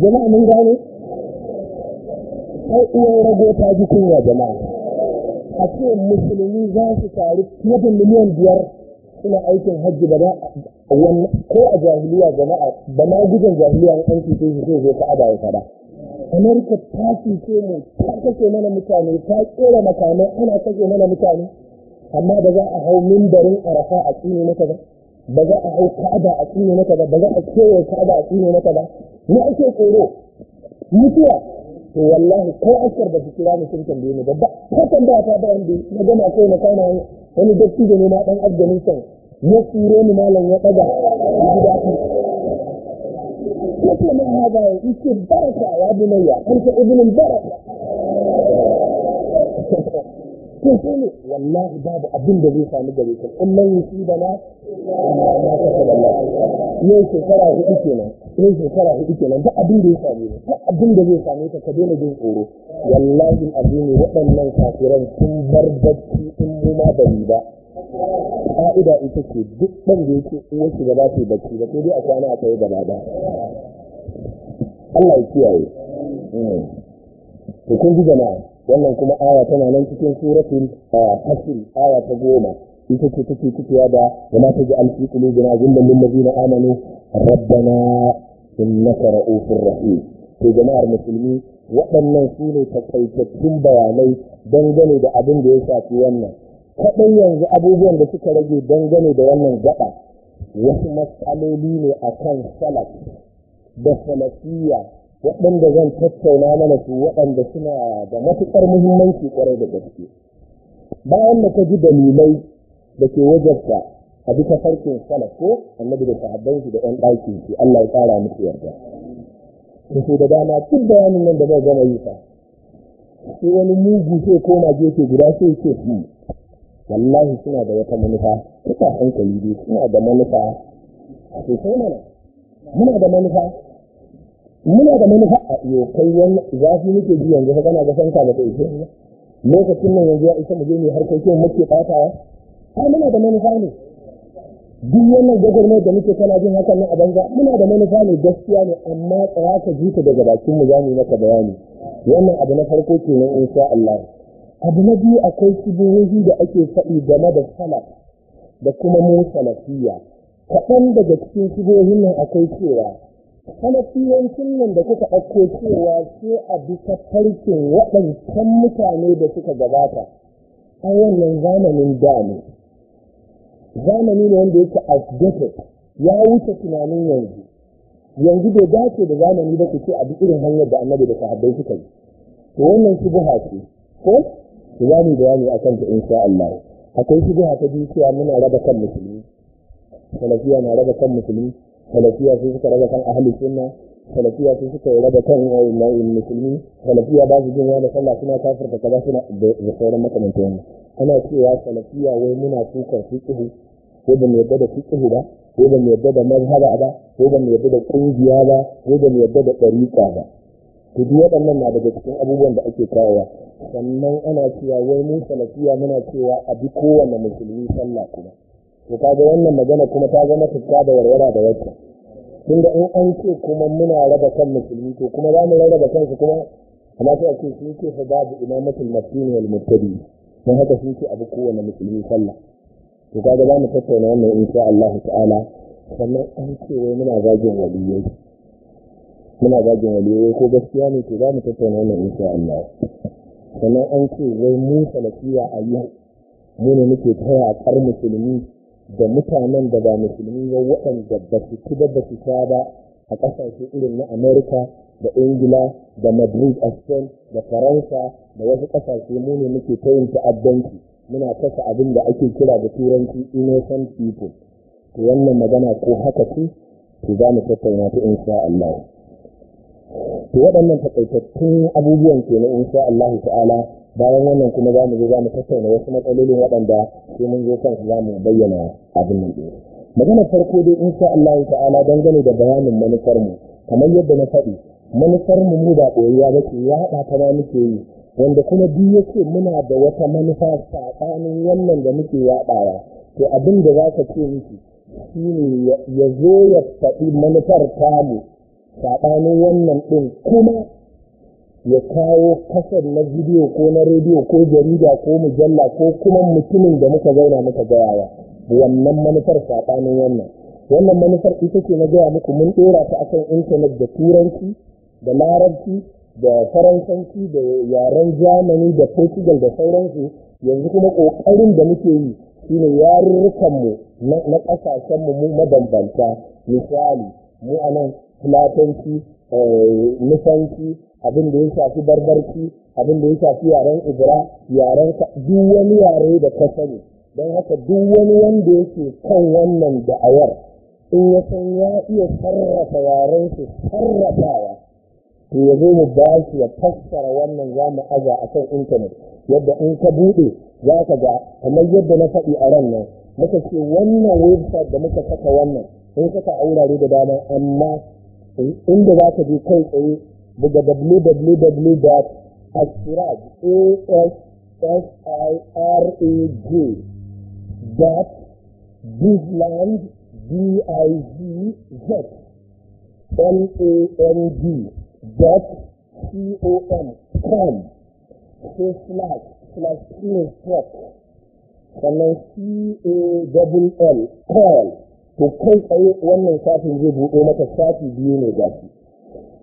jama'a mun gane ai uwan rago ta ji kunya jama'a a ce musulmi za su taru fiye da miliyan biyar suna aikin hajji ba ko a jahiliya jama'a ba na gidan jahiliya na aiki sai zuwa zai ka'aba ya kada amurka ta cuce mu ta kake mana mutane ta kera makamai ana kake mana mutane amma ba za a hau mimbarin arafa a tsine maka ba ba za a hau ka'aba a tsine maka ba ba za a kewaye ka'aba a tsine maka ba ni ake tsoro mutuwa to wallahi ko askar da su kira ni sun tambaye ni babba ko da ta da na gama ko na kama wani datti ne na ɗan Afganistan. ya tsire ni malam ya daga ji daɗi yake ma ba ya ce baraka ya ya an ta ibinin baraka ko sai ne wallahi babu abin da zai sami gare ka kullum yusibana ma ka sallallahu alaihi wasallam yau shekara hudu kenan yau shekara hudu kenan duk abin da ya sami. ni duk abin da zai sami ka ka daina jin tsoro wallahi azimi waɗannan kafiran sun bar bacci in mu ma bari ba ka'ida ita ce duk ɗan da yake uwar shi ba za ta yi bacci ba sai dai a kwana a kai gaba ba Allah ya kiyaye. Hmm. To kun ji jama'a wannan kuma aya tana nan cikin suratul ah, hasr aya ta goma ita ce take cikewa da kuma ta ji alfi kulubina gundan min ladina amanu rabbana innaka ra'ufur rahim to jama'ar musulmi waɗannan su ne takaitattun bayanai dangane da abin da ya shafi wannan kaɗai yanzu abubuwan da suka rage dangane da wannan gaba wasu matsaloli ne akan salaf da salafiyya waɗanda zan tattauna mana su waɗanda suna da matuƙar muhimmanci ƙwarai da gaske bayan da ka ji dalilai da ke wajarta a duka farkin salaf ko annabi da sahabban shi da ɗan ɗakin shi Allah ya ƙara musu yarda da da dama duk bayanin nan da zai gama yi fa sai wani mugu sai koma gefe guda sai ce hmm, wallahi suna da wata manufa kuka hankali dai suna da manufa a sosai mana muna da manufa muna da manufa a iyo kai wani zafi muke ji yanzu kana ga sanka ba ta ishe lokacin nan yanzu ya isa mu je ne kai muke fatawa ai muna da manufa ne duk wannan gwagwarmai da muke kana jin hakan nan a banza muna da manufa ne gaskiya ne amma tsaya ka ji ta daga bakin mu zamu maka bayani wannan abu na farko kenan insha Allah abu na biyu akwai shigohi da ake faɗi game da salaf da kuma mu salafiya kaɗan daga cikin shigohin nan akwai cewa falasiyancin nan da kuka ɗauko cewa ce a bisa farkin waɗancan mutane da suka gabata a wannan zamanin da ne zamani ne wanda yake outdated ya wuce tunanin yanzu yanzu bai dace da zamani ba ku a duk irin hanyar da annabi da sahabbai suka yi to wannan buha ce ko ku za mu bayani akan ta insha Allah akwai buha ta biyu cewa muna raba kan musulmi salafiya na raba kan musulmi salafiya sun suka raba kan ahli sunna salafiya sun suka raba kan musulmi salafiya ba su jin wani sallah suna da kaza suna da sauran makamantan ana cewa salafiya wai muna kukan fiƙihu ko ba mu yadda da ba ko da yadda da mazhaba ba ko da yadda da ba ko da yadda da ba to duk waɗannan na daga cikin abubuwan da ake kawowa sannan ana cewa wai mu salafiya muna cewa a bi kowane musulmi sallah kuma to kaga wannan magana kuma ta zama tukka da warwara da wacce tun da in an ce kuma muna raba kan musulmi to kuma za mu raba kansu kuma amma sai a ce sun ce fa babu imamatul masjid wal mubtadi dan haka sun ce abu kowane musulmi sallah to kaga za mu tattauna wannan insha Allah ta'ala sannan an ce wai muna zagin waliyai muna zagin waliyai ko gaskiya ne to za mu tattauna wannan insha Allah sannan an ce wai mu salafiya a yau mu ne muke taya kar musulmi da mutanen da ba musulmi ba waɗanda ba su ci ba su sha ba a ƙasashe irin na amerika da ingila da madrid a spain da faransa da wasu ƙasashe mu ne muke ta yin ta'addanci muna kasa abin da ake kira da turanci innocent people to wannan magana ko haka ce to za mu tattauna ta insha Allah to waɗannan takaitattun abubuwan ke na insha Allah ta'ala bayan wannan kuma za mu zo za mu tattauna wasu matsalolin waɗanda sai mun zo kan za mu bayyana abin nan ɗin magana farko dai insha Allah ta'ala dangane da bayanin manufar mu kamar yadda na faɗi manufar mu mu ba ɓoyuwa ba ce ya haɗa ta ma muke yi wanda kuma biyu ya ce muna da wata manufa saɓanin wannan da muke yaɗawa to abin da za ka ce miki shi ne ya zo ya faɗi manufar tamu saɓanin wannan ɗin kuma ya kawo kasar na bidiyo ko na rediyo ko jarida ko mujalla ko kuma mutumin da muka zauna muka gayawa wannan manufar saɓanin wannan wannan manufar ita ce na gaya muku mun ɗora ta akan intanet da turanci da larabci da faransanci da yaren jamani da portugal da sauransu yanzu kuma ƙoƙarin da muke yi shine yarurrukanmu na ƙasashenmu mu mabambanta misali mu a nan filatanci eh, nufanci abin da ya shafi barbarci abin da ya shafi yaren ibra yaren ka. duk wani yare da ka sani don haka duk wani wanda yake kan wannan da'awar in ya san ya iya sarrafa yaren su sarrafawa to ya zo mu ba shi ya fassara wannan za mu aza a kan intanet yadda in ka buɗe za ka ga kamar yadda na faɗi a ran nan muka ce wannan website da muka saka wannan in saka a wurare da dama amma In the ka je kai tsaye daga www.asiraj dot bizland d i z z l a n d dot c o m com slash slash sannan c a double l call to kai tsaye wannan shafin zai buɗe mata shafi biyu ne ga shi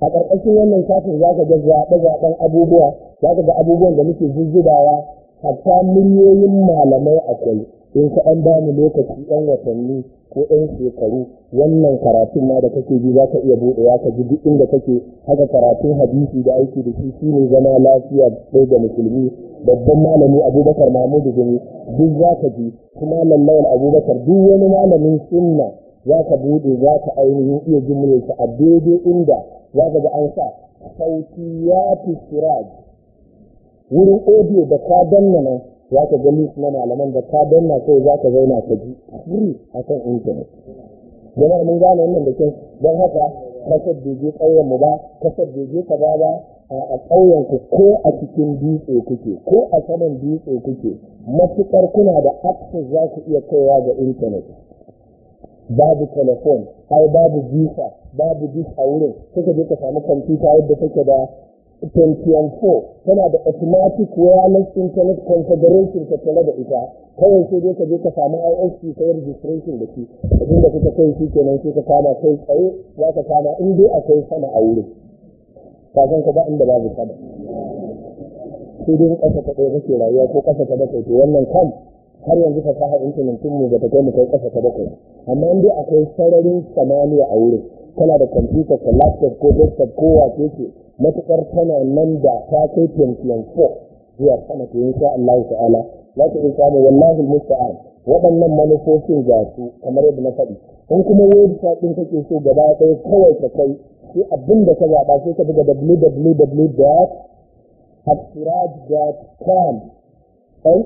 a ƙarƙashin wannan shafin za ka ga zaɓe-zaɓen abubuwa za ka ga abubuwan da muke jujjubawa hatta miliyoyin malamai akwai in ka an ba mu lokaci ɗan watanni ko ɗan shekaru wannan karatun ma da kake ji za ka iya buɗe ya ka ji duk inda kake haka karatun hadisi da aiki da shi shine zama lafiya ɗaya da musulmi babban malami abubakar mahmudu gani duk za ka ji kuma lallawar abubakar duk wani malamin sunna za ka buɗe za ka ainihin iya jimlinsa a daidai inda za ka ga an sa fi siraj wurin audio da ka danna nan za ka gani na malaman da ka danna kai za ka zauna ka ji free a kan intanet yana mun gane wannan da kyau don haka kasar bai ƙauyen mu ba kasar bai je ba ba a ƙauyen ku ko a cikin dutse kuke ko a saman dutse kuke matuƙar kuna da access za ku iya kaiwa ga intanet babu telefon ai babu visa babu dis a wurin suka je ka samu kwamfuta yadda take da 2024 tana da automatic wireless internet confederation ta tare da ita kawai sai dai ka je ka samu ISP ka yi registration da shi abin da kuka kai shi kenan sai ka kama kai tsaye za ka kama in dai akwai sama a wurin ka san ka ba inda babu sama sai dai kasa ta ɗaya kake rayuwa ko kasa ta bakwai to wannan kan har yanzu ka saha intanet mu ba ta kai mu kai ƙasa ta bakwai amma in dai akwai sararin samaniya a wurin kana da kwamfuta ka laptop ko desktop ko wace ce matukar tana nan da ta kai 24 zuwa sama ta insha Allah ta'ala za ta iya samu wallahi musta'an waɗannan manufofin ga su kamar yadda na faɗi in kuma website ɗin kake so gaba ɗaya kawai ka kai sai abin da ka zaɓa sai ka buga www.asiraj.com eh,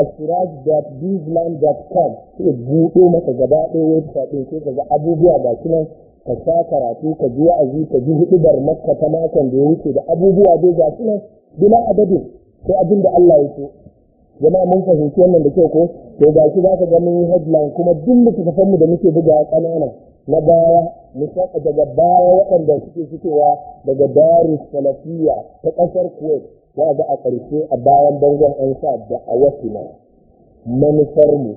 asiraj.bizland.com sai buɗo maka gaba ɗaya website ɗin sai ka ga abubuwa ga shi nan ka sha karatu ka ji wa'azi ka ji hudubar makka ta makon da ya wuce da abubuwa dai ga su nan bila adadin sai abin da Allah ya so Yana mun fahimci wannan da kyau ko to ga shi za ka ga mun headline kuma duk littattafan mu da muke buga kanana na baya musamman daga baya waɗanda suke fitowa daga daru salafiya ta ƙasar kuwait za a ga a ƙarshe a bayan bangon an sa da a wasu manufarmu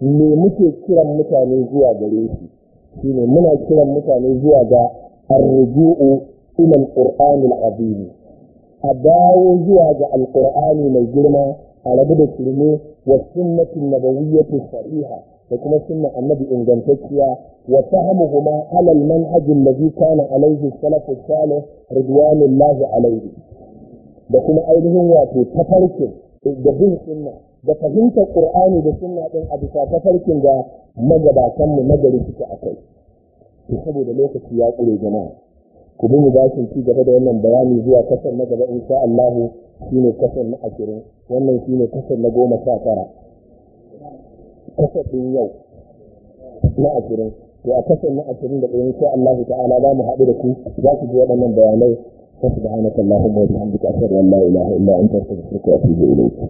me muke kiran mutane zuwa gare shi shine muna kiran mutane zuwa ga arruju'u ila al-qur'an a dawo zuwa ga alqur'ani mai girma a rabu da shirme wa sunnatin nabawiyyati sahiha da kuma sunna annabi ingantacciya wa fahmuhuma ala al-manhaj alladhi kana alayhi as-salafu salih ridwanullahi alayhi da kuma ainihin wato tafarkin da bin sunna da fahimtar ƙur'ani da sunna ɗin a bisa tafarkin da magabatan mu nagari suke akai to saboda lokaci ya ƙure jama'a ku bi mu bashin ci gaba da wannan bayani zuwa kasar na gaba insha Allah shine kasar na ashirin wannan shine kasar na goma sha tara kasar ɗin yau na ashirin to a kasar na ashirin da ɗaya insha Allah ta'ala za mu haɗu da ku za ku ji waɗannan bayanai فسبحانك اللهم وبحمدك اشهد ان لا اله الا انت استغفرك واتوب اليك